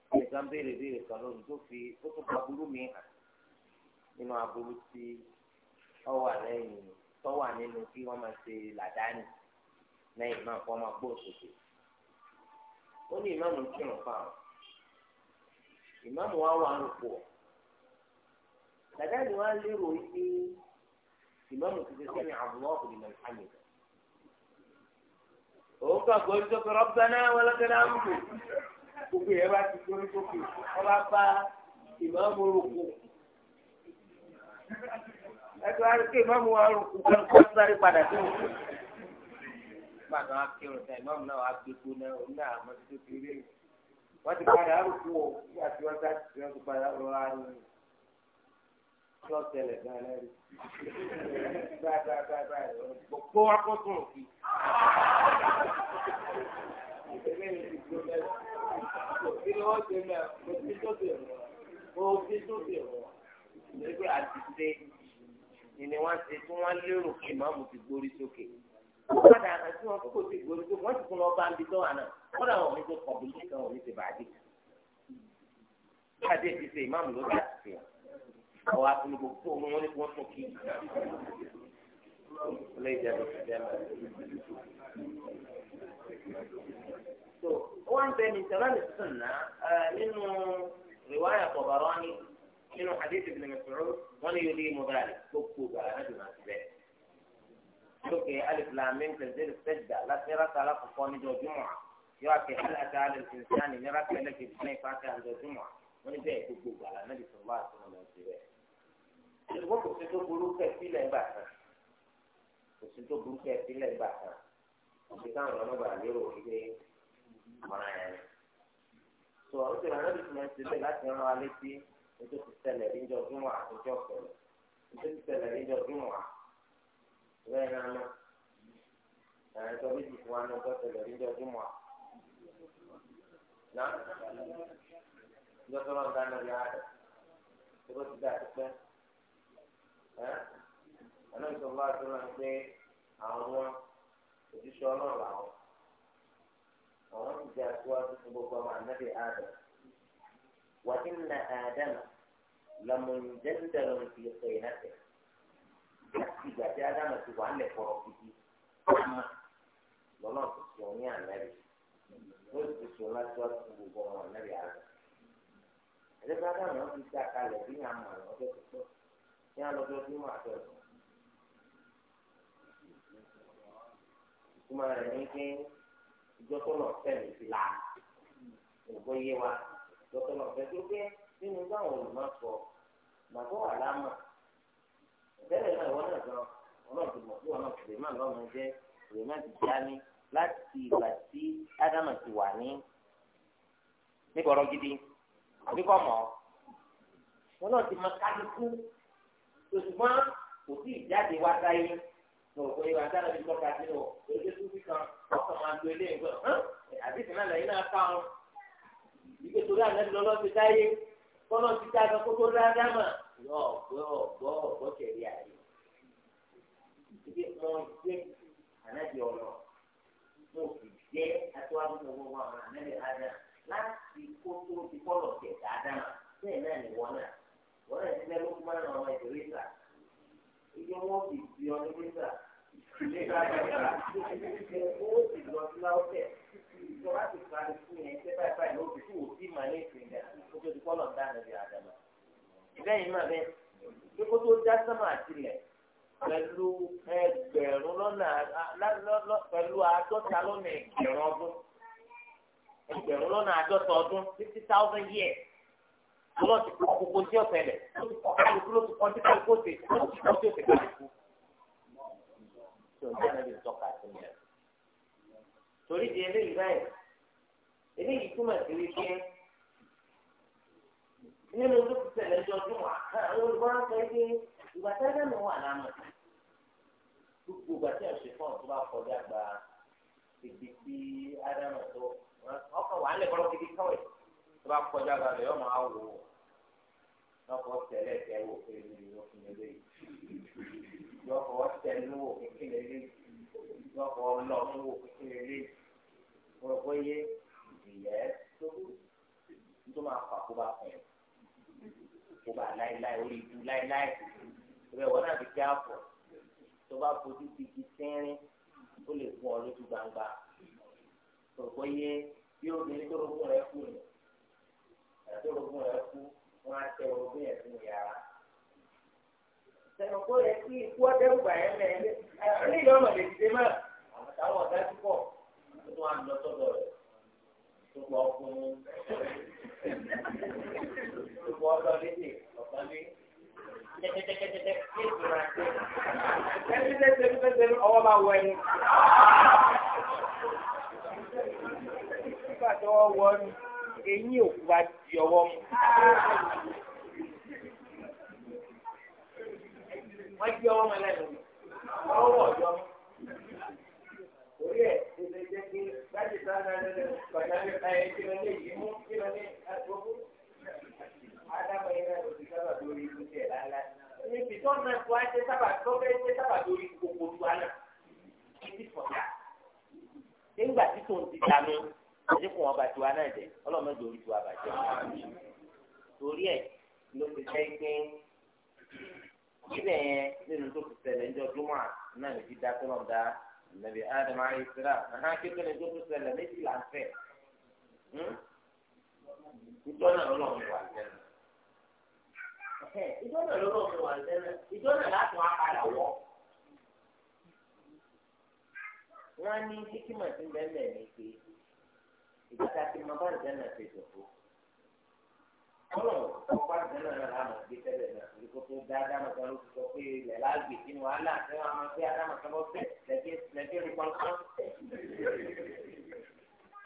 nìkan béèrè béèrè kan lónìí tó fi tó tó pa burú mi hàn nínú aburú tí ó wà lẹ́yìn tó wà nínú kí wọ́n máa ṣe làdáni lẹ́yìn náà kó máa gbó òṣèlú. ó ní ìmáàmù kírun fáwọn ìmáàmù wa wà lóko ọ̀ làdáni wa lérò pé ìmáàmù ti ti sẹ́ni àbúrò ọ̀hún ìmọ̀ òun kà gbọ́dọ̀ pé rọ́bìnrin wọn lọ́kẹ́ náà ń bò gbogbo yẹn bá ti lórí sókè wọn bá bá ìmáàmù rògbò ẹgbẹ́ wa ké ìmáàmù wa rògbò kan kó sáré padà sí òkú gbàgbọ́n wa kí ọ̀rọ̀ ta ìmáàmù náà wà gbégbó náà òun náà àmọ́ tó ti rí rẹ̀ wọ́n ti padà rògbò ọ̀ bí àti wọ́n sáà ti ti padà rọ̀ ara rẹ̀ kí wọ́n tẹ̀lẹ̀ dáadáa rẹ̀ dáadáa dáadáa rẹ̀ gbogbo wa kó tó òkú. Ìgbésẹ̀ yìí ti òfin ni wọ́n ṣe mẹ́ òfin tó ti rọ̀ òfin tó ti rọ̀ nígbà àtìsé ni wọ́n ṣe tí wọ́n lérò pé màmú ti gbórí sókè wọ́n dà àti wọn kókò ti gbórí sókè wọ́n ti fún wọn bá ń bi tó wà náà wọ́n dà wọn tó kọ̀ bí nìkan wọn ti bàjẹ́ káde ti ṣe ìmáàmù ló dá sí ọ wà fún gbogbo wọn ní kí wọ́n tún kí ilé ìjẹun ti jẹ mẹ́rin so wọn bẹ ní sẹlẹn sunna nínú riwaya Tabarani nínú hadith Ibn Mas'ud wọn ni yóò mú báyìí gbogbo gbàrà náà dùnà síbẹ̀ lókè alif lam mim tẹsílẹ sẹjà láti rákà alákòókò níjọ́ jùmọ yóò àti aláta alif nìyàní ní rákà ẹlẹkẹjì náà ìfàkẹ àjọ jùmọ wọn ni bẹ́ẹ̀ gbogbo gbàrà náà dùnà bá àtúnwò náà síbẹ̀. ìwọ kò sí tó burú kẹ sílẹ̀ gbà kan kò sí ọ̀ràn yẹn ni. sọ ọ́ sì rán lóbi tí wọ́n ti lè láti rán wa létí ètò ìṣẹ̀lẹ̀ níjọ júmọ̀ àtijọ́ pẹ̀lú ètò ìṣẹ̀lẹ̀ níjọ júmọ̀ bẹ́ẹ̀ náà náà ẹ̀rọ tó bí tìfún wa ní ọjọ́ ìṣẹ̀lẹ̀ níjọ júmọ̀ náà ìjọ tó lọ́ọ́ dáná ya rẹ̀ tó bó ti dá àtúpẹ́ ẹ̀ ẹ̀ náà ìṣòro wa tó náà pé àwọn ojúṣe ọlọ́run làwọn. jẹ́ aṣíwájú fún gbogbo ọmọ ànábì Adam wà inna Adam lamunjẹ́ndẹ̀lọ́n fi ṣe nke láti ìgbà na ti wà lẹ̀ pọ̀rọ̀ kìkì ọmọ lọ́nà tó sọ ní ànábì ló ti sọ láti wá fún gbogbo ọmọ ànábì Adam ẹ̀dẹ́gbẹ́ Adam náà ti ṣe àkàlẹ̀ bí àmọ̀ ọ̀dọ́ tó tọ́ ní alọ́dọ́ tó mọ̀ àtọ̀tọ̀ ìjọsọlọ fẹmi sí la ògbó yé wa ìjọsọlọ fẹ tó gbé nínú báwọn olùmọ̀ sọ màbọ wà lámà bẹ́ẹ̀ náà ìwọ náà gan ọlọ́ọ̀dì mọ̀ sí ọ̀nà sùlẹ̀mán lọ́mọ jẹ́ sùlẹ̀mán ti já ní láti ìgbà tí ádámà ti wà ní níbọ̀rọ̀ gidi àbíkọ́ mọ̀ ọlọ́ọ̀dì mọ̀ kálukú òṣùpá kò sí ìjáde wá sáyé. lọ́wọ́ ịwa tí a lọ́ọ́ fi tọ́ka sí o ojú tó fi kan ọkàn máa lo ilé ìgbọ́ àti ìsìnlẹ̀ lẹ́yìn náà fa wọn. ìgbé torí àlẹ́bí lọ́lọ́ ti dáyé kọ́lọ́ ti láti ọrụ ọrụ ọrụ ọrụ ọrụ ọrụ ọrụ ọrụ ọrụ ìgbé wọn kì í di ọdún mẹ́ta nígbà mẹ́ta owó sì lọ sí láwùjẹ ìjọba ti fa ikú yẹn ṣé báyìí báyìí ló fi kú òbí màá ní ìpínlẹ̀ ó tó ti kọ́lọ̀ dáná bí àdàmà lẹ́yìn náà bẹ́ẹ̀ pé kó tó já sọ́mà àtìlẹ̀ pẹ̀lú ẹgbẹ̀rún lọ́nà pẹ̀lú àádọ́ta lọ́nà ẹgbẹ̀rún ọdún ẹgbẹ̀rún lọ́nà àádọ́ta ọdún fifty thousand years ọlọ́run ti kọ gbogbo tí ọ̀sẹ̀ lẹ̀ ó ti kọ kálukú ló ti kọ tí kálukú ṣe ó ti kọ tí ó ṣe kálukú. torí di eléyìí báyìí eléyìí túmọ̀ sí wípé nínú ló ti tẹ̀lé lọ́dún wa àwọn olùbọ́n sọ pé ìgbà tẹ́lẹ̀ mi wà lánàá gbogbo ìgbà tí ọ̀sẹ̀ fọ́ọ̀n tó bá kọjá gba ibi tí ádámù tó ọkọ̀ wà á lẹ̀ bọ́lọ́ gidi káwé tó bá kọjá gba ọmọ àwòrán lọ́kọ̀ tẹ̀lé tẹ̀ wò pé mi ò fún mi léyìí lọ́kọ̀ tẹ̀lé wò kékeré léyìí lọ́kọ̀ lọ́mú wò kékeré léyìí wọ́n kọ́ yé ìyẹ́ tó tó máa fà kó bá fún yẹn kó bá láéláé orí ibu láéláé ìwé wọn náà ti kí àpọ̀ tó bá fojú ti di sẹ́rin ó lè fún ọ lójú gbangba wọ́n yé bí obìnrin tó rogún rẹ̀ kú ni ẹ̀ tó rogún rẹ̀ kú wọn á tẹ ogún yẹn sínú yàrá. sẹ́wọ̀n yẹ kí ikú ọ̀dẹ́ gbà yẹn mẹ́rin ní ìlú ọ̀nà lè dìde mọ́ àwọn táwọn ọ̀dá ti pọ̀ tó tún wà lọ sọ́dọ̀ rẹ̀ tó gbọ́ fún tó gbọ́ ọ̀dọ́ lédè ọ̀kan lé tẹ́tẹ́tẹ́tẹ́tẹ́ kí eyín òkú bá di ọwọ́ mu. wọ́n di ọwọ́ mọ lẹ́nu ọwọ́ ọ̀dọ́ orí ẹ̀ ṣe jẹ́ pé láti sáńdà lẹ́nu pàtàkì ẹ̀ kí ló lè yìí mú kí ló lè gbogbo. Adámọ̀ yẹn náà ló ti sábà lórí ikú tẹ̀ lálá. Ibi tó ń mẹ́fọ́ á ṣe sábà tó bẹ́ẹ̀ ṣe sábà lórí gbogbo wa náà. Ibi fọ̀dà. Nígbà tí tòun ti dànù àti kò wọn bá tiwa náà jẹ ọlọ́mọdé orí tiwa bàjẹ́ torí ẹ̀ ló ti jẹ́ pé ibẹ̀ yẹn nínú tó ti ṣẹlẹ̀ ń jọ júmọ́ náà lè fi dá tó náà dá nàbí adam ayé sira àhán kékeré tó ti ṣẹlẹ̀ méjì là ń fẹ́ hmm? ìjọ náà lọ́wọ́ wà lẹ́nu ìjọ náà lọ́wọ́ wà lẹ́nu ìjọ náà láti wọn apàdà wọ̀ wọ́n á ní kíkímọ̀ sí bẹ́ẹ̀ lẹ́nu ìgbà tá a ti mọ báyìí dáná ṣe ṣòfò kọlọ ọkọ àdánà náà làwọn gbé tẹ́lẹ̀ náà torí kó tó dá dáná kan ló ti sọ pé ilẹ̀ láàgbè kí ni wàhálà àti wọn máa gbé adáná kan lọ bẹ́ẹ̀ lẹ́gbẹ́ lẹ́gbẹ́ rí pọnpọ́n.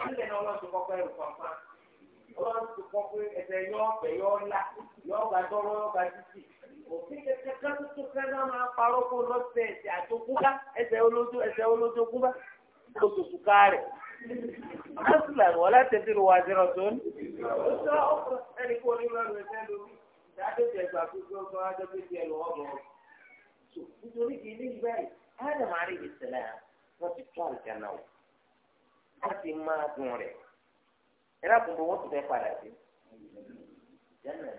ilẹ̀ náà wọ́n ti kọ́kọ́ rí pọnpọ́n wọ́n ti kọ́ pé ẹsẹ̀ yọ ọ̀fẹ́ yọ ọ̀la yọ ọ̀gá tọ́rọ ọ̀gá títì òfin kẹ̀kẹ́ kátútù kẹ́lá máa parọ́ kó lọ́sẹ̀ ẹsẹ̀ àtòkúbá ẹsẹ̀ olójú ẹsẹ̀ olójú kúbá asìlẹ̀ wọ́n láti tẹ̀sí wa zero tó ń. ẹnì kó ní lọ́dún ẹ̀sẹ̀ lórí ìdádójú ẹgbà gbogbo ọgbọ́n adọ́gbé tiẹ̀ lọ́wọ́ bọ̀. nítorí kì í ní báyìí ádàm àrí ìsìlẹ̀ wọ́n ti tún àlùjá náà wọ̀. wọ́n ti máa dùn rẹ̀. ẹ lákùn bó wọ́n ti fẹ́ padà sí. jẹ́nà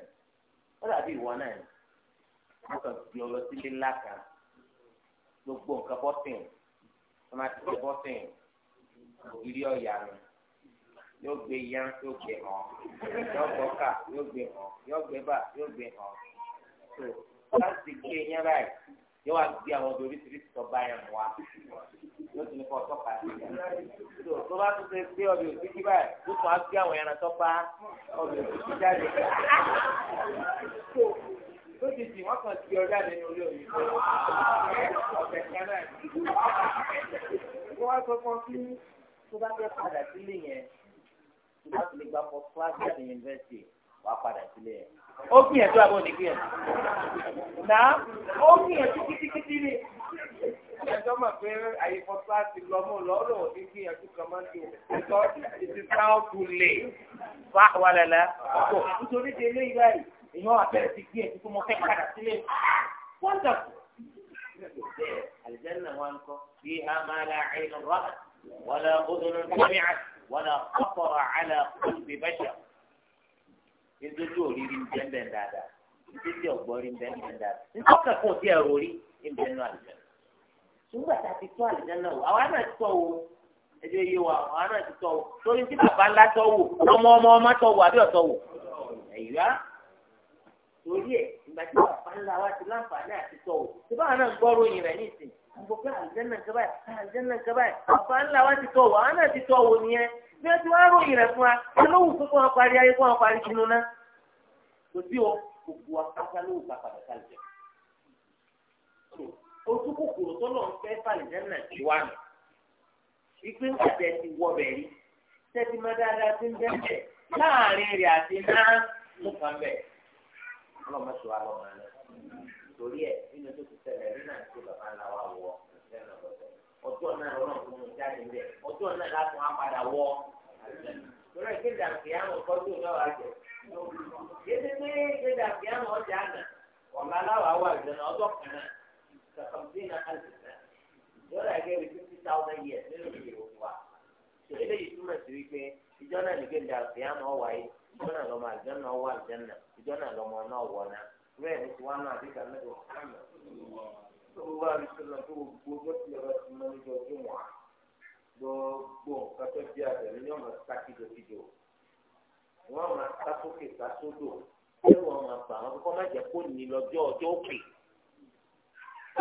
wọ́n dàbí ìwọ náà ni. wọ́n kàn gbé ọ lọ sílé ńlá kan gbogbo nǹkan bọ́sìn tọ́mátì bọ́sìn ògiri ọ̀yà mi yóò gbé ya yóò gbé hàn yóò gbọ́ ká yóò gbé hàn yóò gbé bá yóò gbé hàn tó láti gbé yẹn báyìí yóò wá gbé àwọn ọdún oríṣiríṣi tó bá yẹn wá yóò tún kọ́ tọ́ka tó tó bá tún ṣe gbé ọdún òṣìṣẹ́ báyìí yóò tún á gbé àwọn ẹran tó bá ọdún òṣìṣẹ́ jáde tó tó ti di wọn kàn ti ọjà nínú ilé òní tó ọ̀sẹ̀ kan náà wọ́n sọ fún ọ sí tó bá fẹ́ padà sílé yẹn láti lè gba first class jáde yunifásitì wà á padà sílé ẹ̀. ó gbìyànjú àbọ̀ ní gbìyànjú. nà ó gbìyànjú kítíkítí ni. ìgbìyànjú ọmọ pé àyè first class ti lọ mọ́ lọ lọ́wọ́ ní gbìyànjú kan máa ń tó ẹ̀kọ́ ìdí sáà kù lè fa wàlẹ̀lẹ̀. kò nítorí ti ilé ìgbà yìí èèyàn àbẹ̀rẹ̀ ti gbìyànjú kó mo fẹ́ padà sílé. wọ́n dà الجنة وانكو فيها ما لا عين رأت ولا أذن سمعت ولا خطر على قلب بشر nítorí òrìrì ńbẹ́ńbẹ́ dáadáa nítorí ọ̀gbọ́rí ńbẹ́ńbẹ́ dáadáa nítorí kò sí ẹ̀rọ orí ńbẹ́ńbẹ́ àlùjẹ́ ṣùgbọ́n tá a ti tọ́ àlùjẹ́ náà wò àwa náà ti tọ́ wò ẹjọ́ iye wa àwa náà ti tọ́ wò torí tí bàbá ńlá tọ́ wò ọmọ ọmọ ọmọ tọ́ wò àbí ọ̀tọ́ wò ẹ̀yà torí ẹ̀ ìgbà tí bàbá ńlá wa ti láǹfààní àti tọ́ wò ṣùgbọ́n àwọn náà gbọ́ mo pé àlùjẹ́nà kaba yìí àlùjẹ́nà kaba yìí bàbá ńlá wa ti tọ̀ wọ̀ àwọn náà ti tọ̀ wọ̀ nìyẹn bí wọ́n ti wá ròyìn rẹ̀ fún wa olówó fún kó wọn parí ayé kó wọn parí sínú náà kò sí o kò bu apáta lówó ká padà sá lùjẹ́ ojú kòkòrò tó lọ fẹ́ fàlùjẹ́nà ti wà nù ìpín kàtẹ́ ti wọ bẹ̀rí tẹ́tí má dáadáa ti ń bẹ́ẹ̀ láàrin rẹ̀ àti náà ló kàn bẹ́ẹ̀ ọlọ́mọ sọ àlọ́ màá lọ. torí ẹ nínú tó ti ṣẹlẹ̀ nínú àti bàbá ńlá wa wọ ọjọ́ náà lọ́nà tó mú jáde ń bẹ̀ náà látún á padà wọ kéde àfihàn náà yéde pé kéde àfihàn ọjà àná kan náà fifty thousand years nínú wa túmọ̀ sí wípé ìjọ náà àfihàn ìjọ náà lọ́mọ àjọ náà àjọ náà ìjọ bẹ́ẹ̀ ni tiwọn náà àdéhùn àmẹ́rẹ́ ọ̀hánà tó ń bá àdéhùn sọ̀rọ̀ tó gbogbo bó ti yọrọ sí mọ́ níjọ ọdún wà gbogbo nǹkan tó bí abẹ̀rẹ̀ ni wọ́n máa ta kíjokíjo wọ́n máa ta sókè ta sódò bẹ́ẹ̀ wọ́n máa bà wọ́n kọ́kọ́ má jẹ́ kó ní lọ́jọ́ ọjọ́ òkè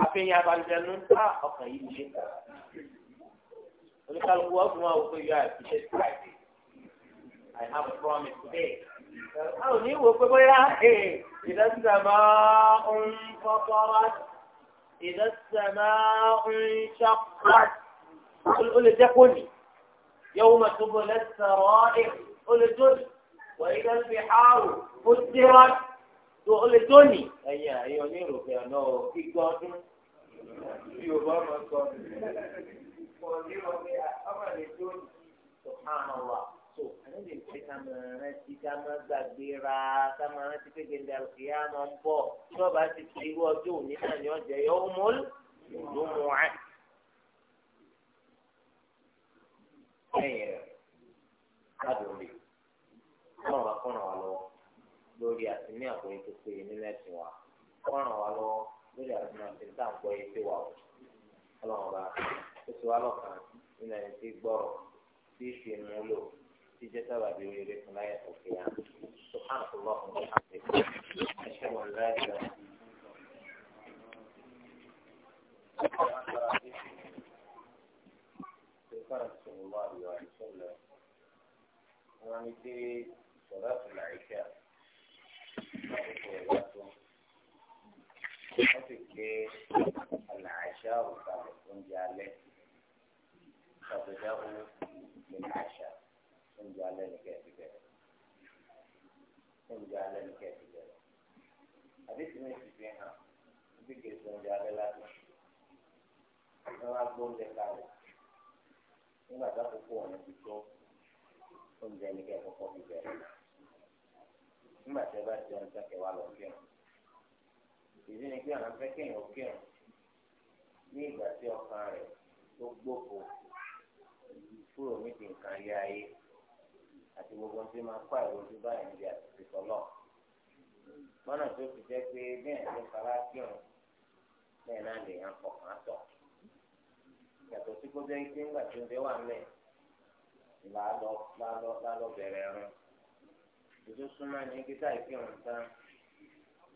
àfihàn abalẹ̀nu ń ta ọkàn yìí ṣe kà oníkàlùkù ọ̀gbìn wa wò pé yóò àìsíṣẹ́ friday i have a promise today. a ò ní إذا السماء انفطرت إذا السماء انشقت قل قل تقل يوم تبلى السرائر قل جل وإذا البحار فسرت تقل جوني أي أيها نيرو يا نو في جون يوبا ما كان سبحان الله so àlejò ìpè ká máa rántí ká máa gbàgbéra ká máa rántí pé gbẹ̀ndà ìyá máa ń bọ̀ tí wọ́n bá ti fi irú ọjọ́ òní náà ní ọjà yọ ó mọ́lú ló mú ẹ̀. lẹ́yìn rẹ̀ ládùn mi wọ́n wá fọ́nà wa lọ lórí àti ní àgbọ̀yé tó péye nínú ẹ̀sìn wa fọ́nà wa lọ lórí àti náà ti ń tà ń gbọ́ yé ọlọ́run bá ó ti wá lọ́kàn nínú ẹni gbọ́rọ̀ tí ì mú lò. sábàbí oríire fún láyé àtàkùn yá sùhánàfọlọ́ọ̀kùn wà lọ kírun ìdí ni pé àwọn fẹ́ kéèyàn kírun ní ìgbà tí ọkàn rẹ̀ tó kúrò nǹkan ayé àti gbogbo tí máa kọ́ ìrojú báyìí níbi àtìsí tọ́lọ̀ lọ́nà tó fi jẹ́ pé bẹ́ẹ̀ ló fara kírun bẹ́ẹ̀ náà lè yàn fọkàn àtọ̀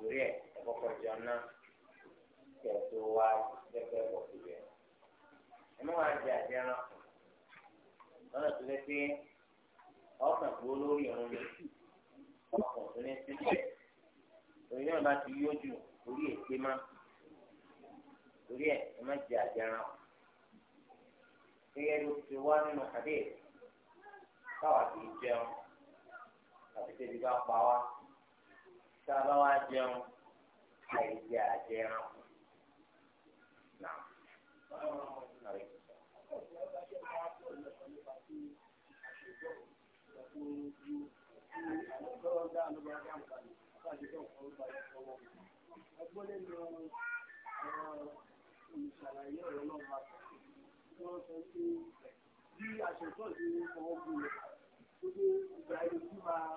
torí ẹ ẹkọkọ jọ náà kí ẹ tó wá gẹ́gẹ́ bọ síbẹ̀ ẹnu wa jẹ àjẹ ẹran lọ́nà tó lé pé ọkàn tó lórí ọrùn mi ọkàn tó lé síbẹ̀ torí náà bá ti yóò jù orí èké má torí ẹ ẹ má jẹ àjẹ ẹran gẹ́gẹ́ bó ti wá nínú àdé káwá kì í jẹun àti tẹbi bá pa wá tá a bá wá jẹun àìsí àjẹrán. Ìṣàlàyé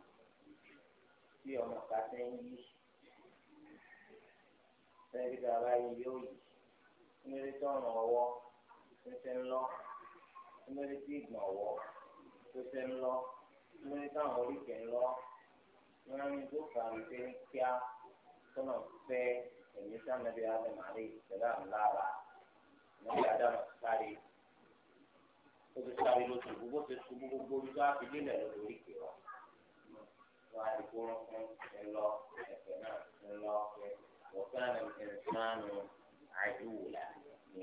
tí ọmọ kàtẹ ń yí sẹ́ni tí a bá yí yóò yí níbi tí ọ̀nà ọwọ́ tó ṣe ń lọ níbi tí ìgbọ̀n ọwọ́ tó ṣe ń lọ níbi tí àwọn oríkèé ń lọ wọn tó fà ń pé kíá tọ́nà fẹ́ èmi sànàbí adamari ìṣẹ̀lẹ̀ àmàlára níbi adamu sáré ó ti sáré lóṣù gbogbo ti ṣubú gbogbo orí tó á fi délẹ̀ lórí wọn á ti kúrú fún ń máa ń lé ìdí bóyá bí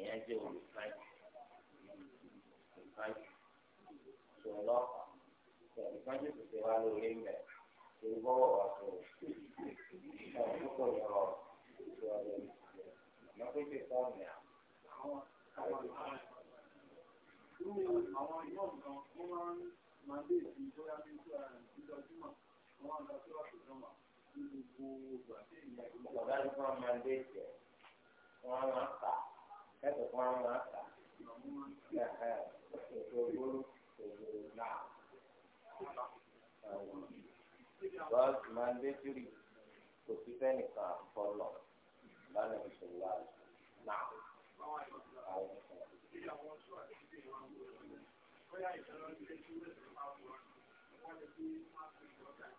ó bàbá ní kí wọ́n máa ń dé ìjẹ́ wọ́n máa kà ẹ̀sọ̀ kí wọ́n máa kà ètò ìgboro ètò náà. Bọ́ọ̀sì máa ń dé sírì kò sí sẹ́nìkan fọlọ̀ lánàá Thank you.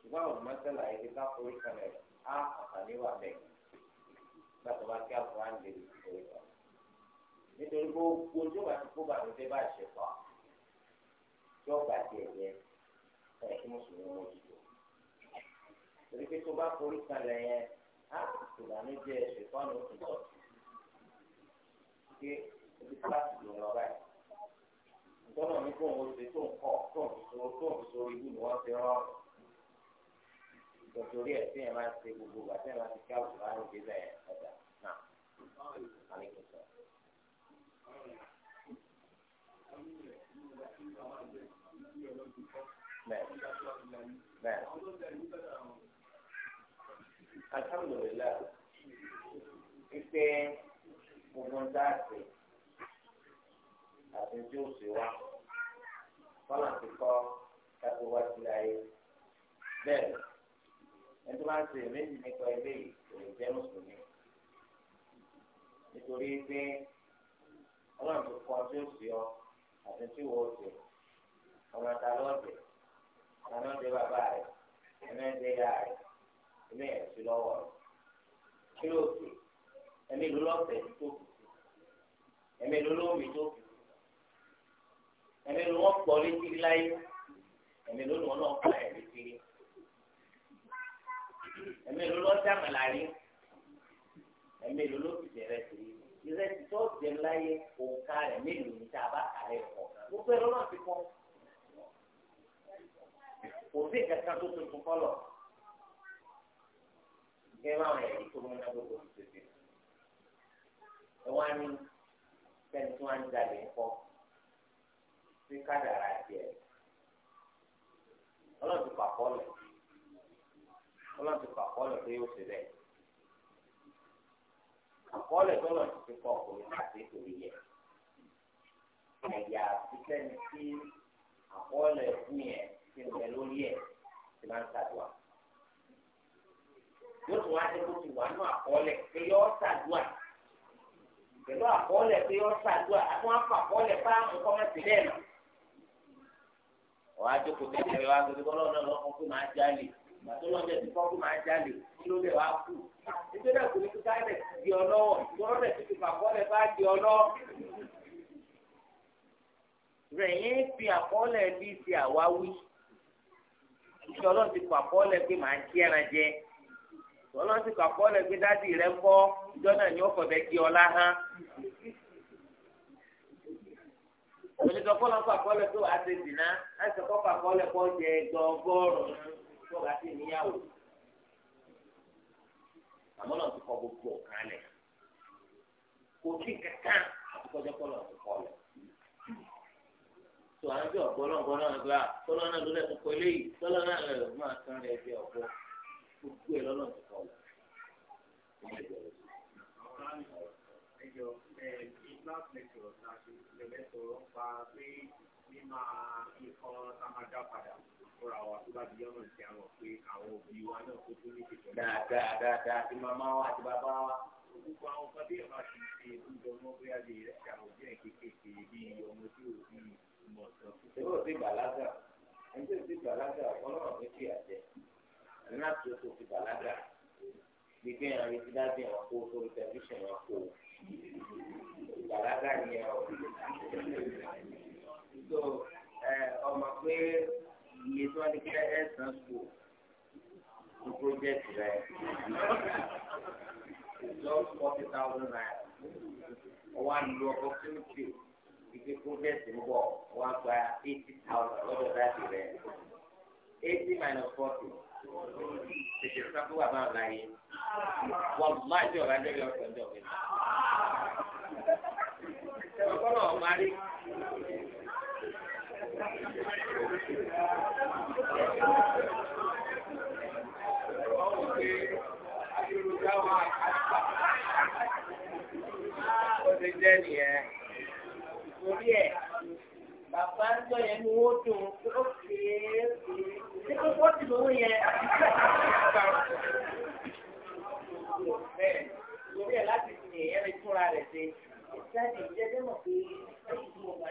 ṣùgbọ́n àwọn mọ́tẹ́lá yìí ti ká forí kalẹ̀ á àǹfààní wà bẹ́ẹ̀ gbàtọ́ bá kí àpò á lè forí kalẹ̀. nítorí gbogbo tó bá ti kó bàtúndé bá ṣe pa tí ọgbà tiẹ̀ yẹ ẹ̀ kí mùsùlùmí mọ́ jù lọ. torí pé tó bá forí kalẹ̀ yẹn á ìbànújẹ́ ṣètọ́nù ó ti tọ̀ sí ibi kíláàsì ló ń lọ báyìí ìtọ́nà mi kò ń wo ṣe tó ń kọ́ tó ń fi tó ń fi so ni wọ́n ti rọrùn nítorí ẹ̀ tí ẹ̀ máa ṣe gbogbo wa tí ẹ̀ máa ti ká òkú láàrin òde bẹ́ẹ̀ ọ̀dà náà àlékún sọ. alhamdulilayi pípé gbogbo dáàsì àti jóòsì wa kọ́nà ti kọ́ kápẹ́ wá sílẹ̀ ayé ẹni tó bá ń ṣe méjì nípa ilé ìròyìn jẹ́ mùsùlùmí nítorí pé ọlọ́run tó kọ́ tí ó sì ọ àti tí wọ́n ṣe ọmọ ta lọ́ọ̀dẹ̀ ta lọ́ọ̀dẹ̀ bàbá rẹ̀ ẹni ẹ̀jẹ̀ ya rẹ̀ ilé ẹ̀ sí lọ́wọ́ rẹ̀ kí ló ṣe ẹ̀mí ìlú lọ́sẹ̀ tó kù ẹ̀mí ìlú lómi tó kù ẹ̀mí ìlú wọn pọ̀ létí láyé ẹ̀mí ìlú wọn náà pa létí ẹ̀mí ló lọ sí àmàlà rí ẹ̀mí ló ló ti bẹ̀rẹ̀ sí i ìrẹsì tó jẹ láyé òǹkà rẹ̀ mélòó ní tá a bá kà rẹ̀ kọ̀ gbogbo ẹ̀rọ náà ti kọ́ kò sí tó tuntun kọ́lọ̀ gẹ́gẹ́ báwọn ẹ̀rí tó mú gbogbo ti tètè ẹ wá ní sẹ́ni tí wọ́n ń jalè ńkọ́ sí kádàrá tiẹ̀ ọlọ́run ti pàkọ́ ọlọ́run ti kọ àkọọ́lẹ̀ pé yóò ṣe bẹ́ẹ̀. àkọọ́lẹ̀ tọ́lọ̀ ti kọ ọkùnrin àti ìkòrí yẹ. ẹ̀yà àfikẹ́ni tí àkọọ́lẹ̀ fún yẹn ti ń lórí ẹ̀ ti máa ń ṣàdùà. yóò tún wá dé kó ti wà nínú àkọọ́lẹ̀ pé yọ́ ṣàdùà. pẹ̀lú àkọọ́lẹ̀ pé yọ́ ṣàdùà àtúwọ́n á fà àkọọ́lẹ̀ bá àmúkọ́mọ́sí bẹ́ẹ̀ náà. wàá jókòó tẹ̀lé wa gbẹdẹgbọ́n náà lọ́kùnkùn máa jálè gbàtọ́lọ́dẹ tí kọ́kú máa jalè kí ló lè wá kú nítorí ẹ̀kọ́ ní kíkà rẹ̀ di ọlọ́wọ́ ìgbọ́rọ̀ rẹ̀ ti fà kọ́lẹ̀ bá di ọlọ́ rẹ̀ yẹn fi àkọọ́lẹ̀ bíi ti àwáwí ìṣẹ́ ọlọ́run ti fà kọ́lẹ̀ pé màá jí ẹran jẹ ọlọ́run ti fà kọ́lẹ̀ pé dádì rẹ̀ kọ́ ìjọ náà ni ó fọ̀ bẹ́ẹ̀ di ọlá hán onítọ̀kọ́lọ́ fà kọ́lẹ̀ tó àti dìnnà àti kọ́ fà kọ́lẹ̀ kọ́ jẹ gbọ́gbọ́rùn-ún tó bá níyàwó àmọ́ náà ti kọ gbogbo ọ̀kan lẹ̀ kò sí kankan àtikọ́jọ́ kọ́ náà ti kọ́ lẹ̀ tó àwọn bí ọ̀gbọ́n náà gbọ́n náà gba ah, tọ́lá náà ló lẹ́nu kọ́ eléyìí tọ́lá náà lẹ̀ máa tán rẹ̀ bí ọ̀gbọ́n gbogbo ẹ̀ lọ́nà ti kọ́ lẹ̀ ẹjọ́ ẹ last lecture pé mímọ ikọ tá a máa dá padà fúnra wa tó bá di yọ̀nà sí àwọn pé àwọn òbí wa náà tó tún ní ìṣẹ̀lẹ̀. dáadáa dáadáa àti màmá wa àti bàbá wa. gbogbo àwọn ọkọ bí ẹ̀ma ti ṣe oúnjẹ ọmọ bí a lè rẹ̀ ṣe àwọn òbí ẹ̀ kéékèèké bí ọmọ tí ò bí ìmọ̀ ọ̀sán. ṣé ti bàlágà ẹni ti bàlágà ọlọ́run ní kí àjẹ láti o tó ti bàlágà gbígbé ẹ̀rọ ti dájú ẹ̀wọ̀n kó sórí tẹlifíṣàn wọn kó bàlágà yẹn ọ̀ iye tí wọ́n ní kí ẹ san sùn ní pọ́jẹ́tì rẹ̀ just forty thousand naira ọwọ́ àlùlù opportunity ìgbé pọ́jẹ́tì ń bọ̀ ọwọ́ àgbà eighty thousand lọ́dọ̀ dáàbì rẹ̀ eighty minus forty tètè sọ fún bàbá ọ̀la yìí wọ́n má jọ̀ọ́ lájọ́ yọ̀ ọ̀sẹ̀ ọ̀dọ̀ mi. ọ̀gbọ́n náà máa rí ti láti fi èèyàn lè túnra rẹ̀ ṣe. Ìjáde ìjẹ́jẹ́ mọ̀ pé ẹ̀yìn tí mo bá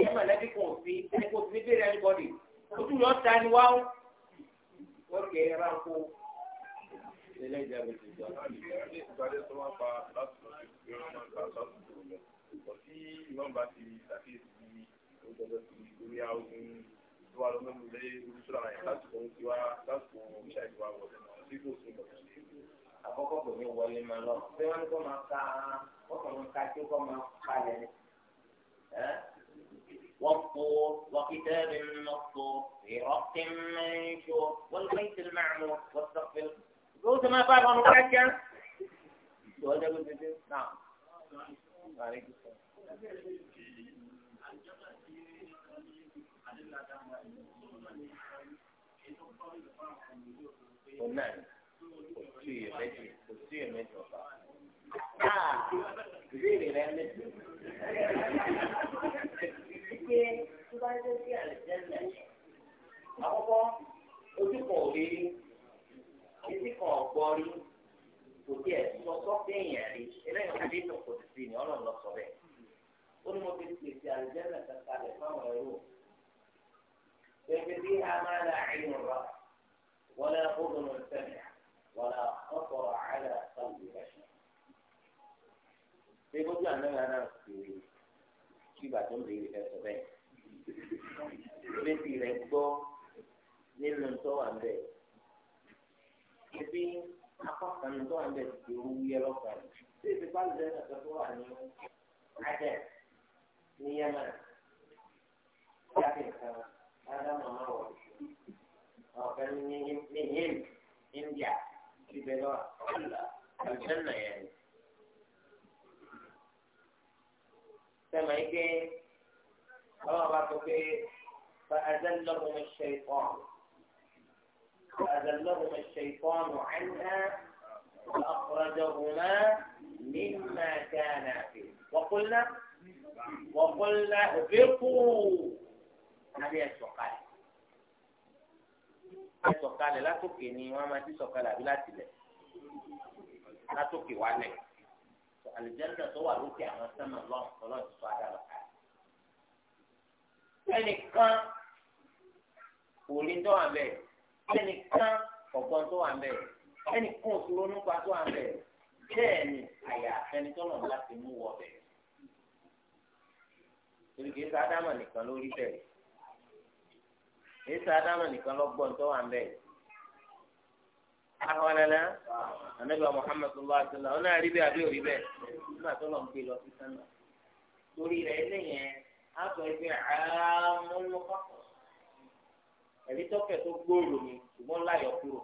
ẹ mọ̀lẹ́bí kan sí ẹni kò sí bẹ́ẹ̀rẹ̀ anybody ojú lọ ta ni wá ó wọ́n kẹ́ ẹ ránkó. ẹlẹ́jà bẹ̀ kò ní wọlé máa lọ bí wọ́n ní kó máa ka ọkọ̀ máa ka tí kọ́ máa kalẹ̀ ẹ́ والطور وكتاب مسطور في رق منشور والبيت المعمور والسقف قلت ما بعرف انا بحكي سؤال ده نعم عليكم السلام والنعم آه. كرسي pé tó bá jẹ́ sí àlùjẹ́lẹ̀ àkọ́kọ́ ojú kan ò rí etí kan ò gbọ́ rí kò tí ẹ̀ sọ sọ́kẹ́ èèyàn rí eléyìí ìtàn kò sí ni ọ̀nà lọ sọ bẹ́ẹ̀ ó ní mo ti pèsè àlùjẹ́lẹ̀ kankan lẹ̀ fáwọn ẹrú pẹ̀lú bí a máa la àìrìn rà wọlé ọgbọ̀n sẹ́mi wọlé ọkọ̀ àìrà sọ́ọ̀bù rẹ̀ ṣe. gbogbo àná bí ìgbà tó ń béèrè fẹ́ sọ bẹ́ẹ̀ létí rẹ̀ gbọ́ nínú tó wà ń bẹ̀ ebi apá kan tó wà ń bẹ̀ ti owó yẹ lọ́kàn tí èsì bá lè lọ́kàn tó wà ní adẹ ní yẹmẹ jáde kan ádámù náà wọ̀ ọ̀kan ní yẹn India ti bẹ̀ lọ́wọ́ ọ̀là àlùjẹ́ nà yẹn. sẹ́mi ike ọlọ́run bá sọ pé فأذلهم الشيطان فأذلهم الشيطان عنها فأخرجهما مما كان فيه وقلنا وقلنا اهبطوا هذه السقاية sọ̀kalẹ̀ látòkè ni wọ́n máa ti sọ̀kalẹ̀ àbí láti lẹ̀ látòkè wálẹ̀ àlùjẹ́ńdà tó wà lókè àwọn sẹ́mà lọ́n lọ́n ti sọ adá lọ ká. ẹnìkan kò ní tó wà bẹ́ẹ̀ ẹnìkan ọ̀gbọ́n tó wà bẹ́ẹ̀ ẹnìkan ò dúró nípa tó wà bẹ́ẹ̀ bẹ́ẹ̀ ni àyà ẹni tó lọ́n láti mú wọ bẹ́ẹ̀. torí kìí sá ádámà nìkan lórí bẹ́ẹ̀ kìí sá ádámà nìkan lọ́gbọ́n tó wà bẹ́ẹ̀. ahọ́nẹ́lẹ́ anábìá muhammed sallallahu alayhi wa sallam ọ̀nà àbí nígbà tó lọ́n torí rẹ̀ lẹ́yìn àtọ̀ ẹgbẹ́ ẹ̀rí tọ́kẹ̀ tó gbòòrò ni ṣùgbọ́n láyọ̀ kúrò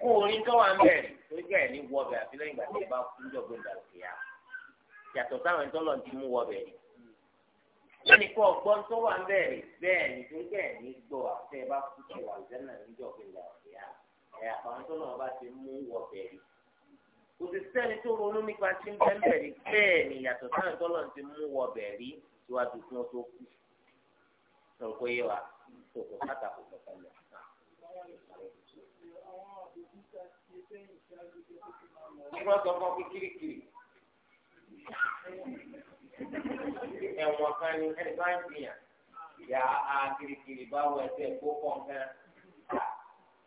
kó ń ẹ̀ ní lẹ́yìn ìgbà ìdàlùkì yá yàtọ̀ sáwọn ti mú ni ọgbọ́n tó wà ń ẹ̀ àfàwọn tó náà bá ti mú wọ bẹ̀rẹ̀ kò sì sẹ́ni tó ronú nípa tí ń bẹ́ẹ̀ bẹ̀rẹ̀ bẹ́ẹ̀ ni yàtọ̀ sáwọn tó náà ti mú wọ bẹ̀rẹ̀ síwájú fún ọ tó kù lọ́rọ̀ kó yé wa tó kò pàtàkì kankan lọ. Ìgbọ́n sọ fún ọ pé kirikiri ẹ̀wọ̀n kan ni ẹni bá ń jiyàn yà á kirikiri báwo ẹsẹ̀ kó pọ̀ nǹkan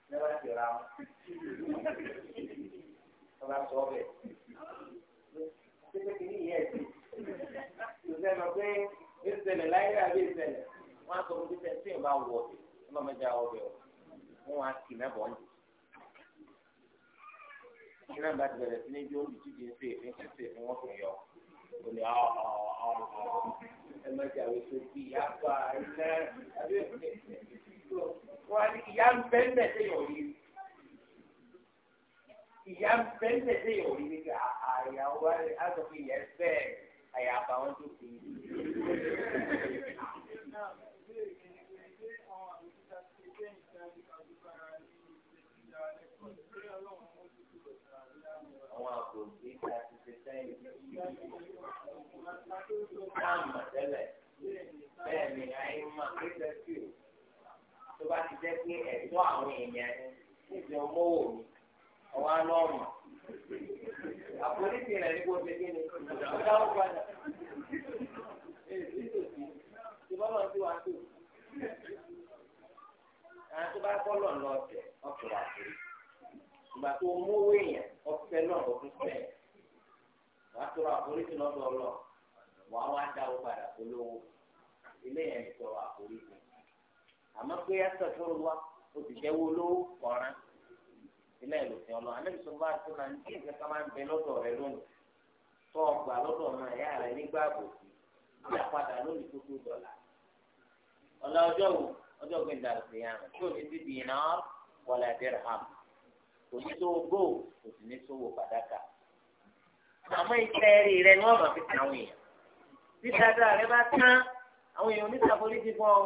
ní wọ́n ra wọn. wọ́n bá sọ ọ́bẹ̀. pépé kìíní yẹ ẹ̀sìn. ìṣẹ̀lẹ̀ lọ pé ìṣẹ̀lẹ̀ láyé àbí ìṣẹ̀lẹ̀ wọ́n sọ fún pípẹ́ tí ìbá wọ̀ ọ̀bẹ̀ wọ́n bá mẹ́ta ọ̀bẹ̀ ọ̀ wọ́n á kì mẹ́bọ̀ ọ̀nì. ìṣẹ̀lẹ̀ bá ti bẹ̀rẹ̀ sí ní bí olùdíje ń ṣe èfín ṣe èfín wọ́n tún yọ òní ọ̀ ọ̀ ọ̀ ẹ̀ mẹ́ta ìwé bí yá wọ́n á ní ìyá ń bẹ́ ń bẹ̀ sí ìyọ̀ yìí. Ìyá ń bẹ́ ń bẹ̀ sí ìyọ̀ yìí ní àyàwó wa ní àtọ̀kù ìyá ẹ̀fẹ́ àyàbá wọn tó fi. Àwọn àgbòdì àti ṣẹṣẹ́ yìí. o. bá ti jẹ́ pé ẹ̀tọ́ àwọn èèyàn níbi ọmọ wò mí ọwọ́ alọ́ọ̀mù àpòlítì rẹ̀ ní kó ṣe kí ni ó dáwọ́ padà èyí tó ti ti bọ́lọ̀ tó àwọn tó bá kọ́ lọ ọ̀tẹ̀ sí ìgbà tó mú owó èèyàn ọ̀fẹ́ náà lọ fún fẹ́ wà á tọrọ wà á wá dáwọ́ padà polówó ilé yẹn ti àmọ́ pé astaghfirullah o ti jẹ́ wọlé ọ̀ràn ilé ìlòsìn ọlọ́ anábì sọ bá tó náà ní kí nǹkan kan máa ń bẹ lọ́dọ̀ rẹ lónìí tó ọgbà lọ́dọ̀ ọmọ ẹ̀yà rẹ nígbà àbòsí ìyá padà lónìí tó tó dọ̀là ọ̀la ọjọ́ wo ọjọ́ gbẹ̀ndà sí yàn tí ò ní ti dì iná wọlé dirham kò ní tó gbó kò sì ní tó wò pàdákà àmọ́ ìtẹ́rì rẹ ni wọ́n máa fi kàwé yẹn tí dáadáa rẹ bá tán àwọn èèyàn oníṣàforíjì fún ọ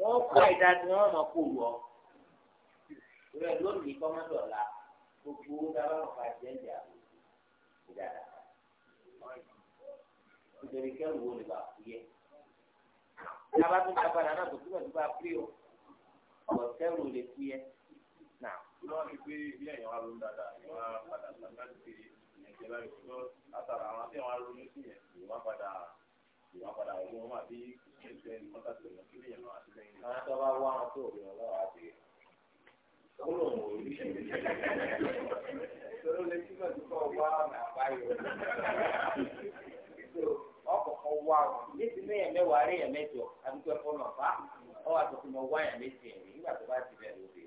wọ́n kọ́ ẹ̀dá tí wọ́n mọ̀ kó wọ́ rẹ̀ lónìí kọ́mọ́dọ̀ la gbogbo dábà wọn fà jẹ́ ìjà ìjà dàgbà nítorí kẹ́rù wo lè bá kú yẹ dábà tó dábà náà tó túbọ̀ tó bá pé o ọ̀ kẹ́rù lè kú yẹ náà. wọ́n ti pé bí ẹ̀yàn wa ronú dáadáa ni wọ́n á padà sàgbà sí ìyẹn báyìí tó látara àwọn tí wọ́n á ronú sí yẹn padà ìwọ́n padà wọ́n máa bí àwọn eh, tó bá wá ti ní ẹ̀mẹ́ rí ẹ̀mẹ́ jọ àdúgbò náà bá ọ wà tó fi ẹ̀mí nígbà tó bá ti bẹ̀ lóde.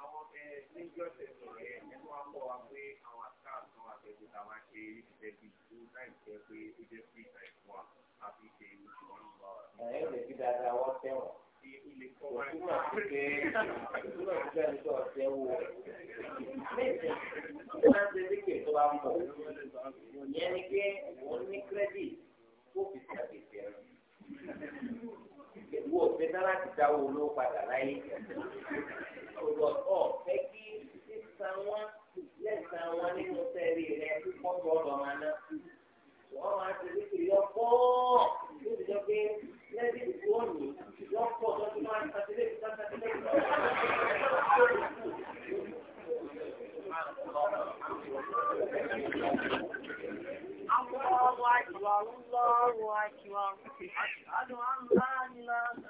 àwọn ẹ̀ sọ̀rọ̀ ẹ̀ ẹ̀ tó wá wá pé àwọn àṣà àtàwọn àtẹ̀gbẹ̀ta máa ṣe é ní ìfẹ́ bíi time jẹ́ pé ó jẹ́ free time wa àbí ṣe ìṣòro wa. ẹ̀yẹ́ lè fi dáadáa wọ́n tẹ̀wọ̀n. Òtúmọ̀ sí pé òtúmọ̀ sí pé ẹnìkan ọ̀sẹ̀ wo méje tó bá ṣe lékè tó bá pọ̀ ìyẹn ni pé òun ní credit tó fi ṣàbẹ̀sẹ̀ rẹ̀ wo òfin náà láti dáwọ́ olówó padà láyé ọ̀rọ̀ ọ̀ fẹ́ kí sísan wọn lẹ́sàn-án wọn nínú sẹ́ẹ̀rì rẹ̀ kọ́kọ́ ọ̀dọ̀ máa ná wọ́n máa ti ní kiri ọ̀pọ̀ yóò ti jọ pé lẹ́yìn ìdìbò òní wọ́n tó ti máa ń sàtìlẹ́ ìsàtìlẹ́ الله أكبر الله أكبر أشهد أن لا إله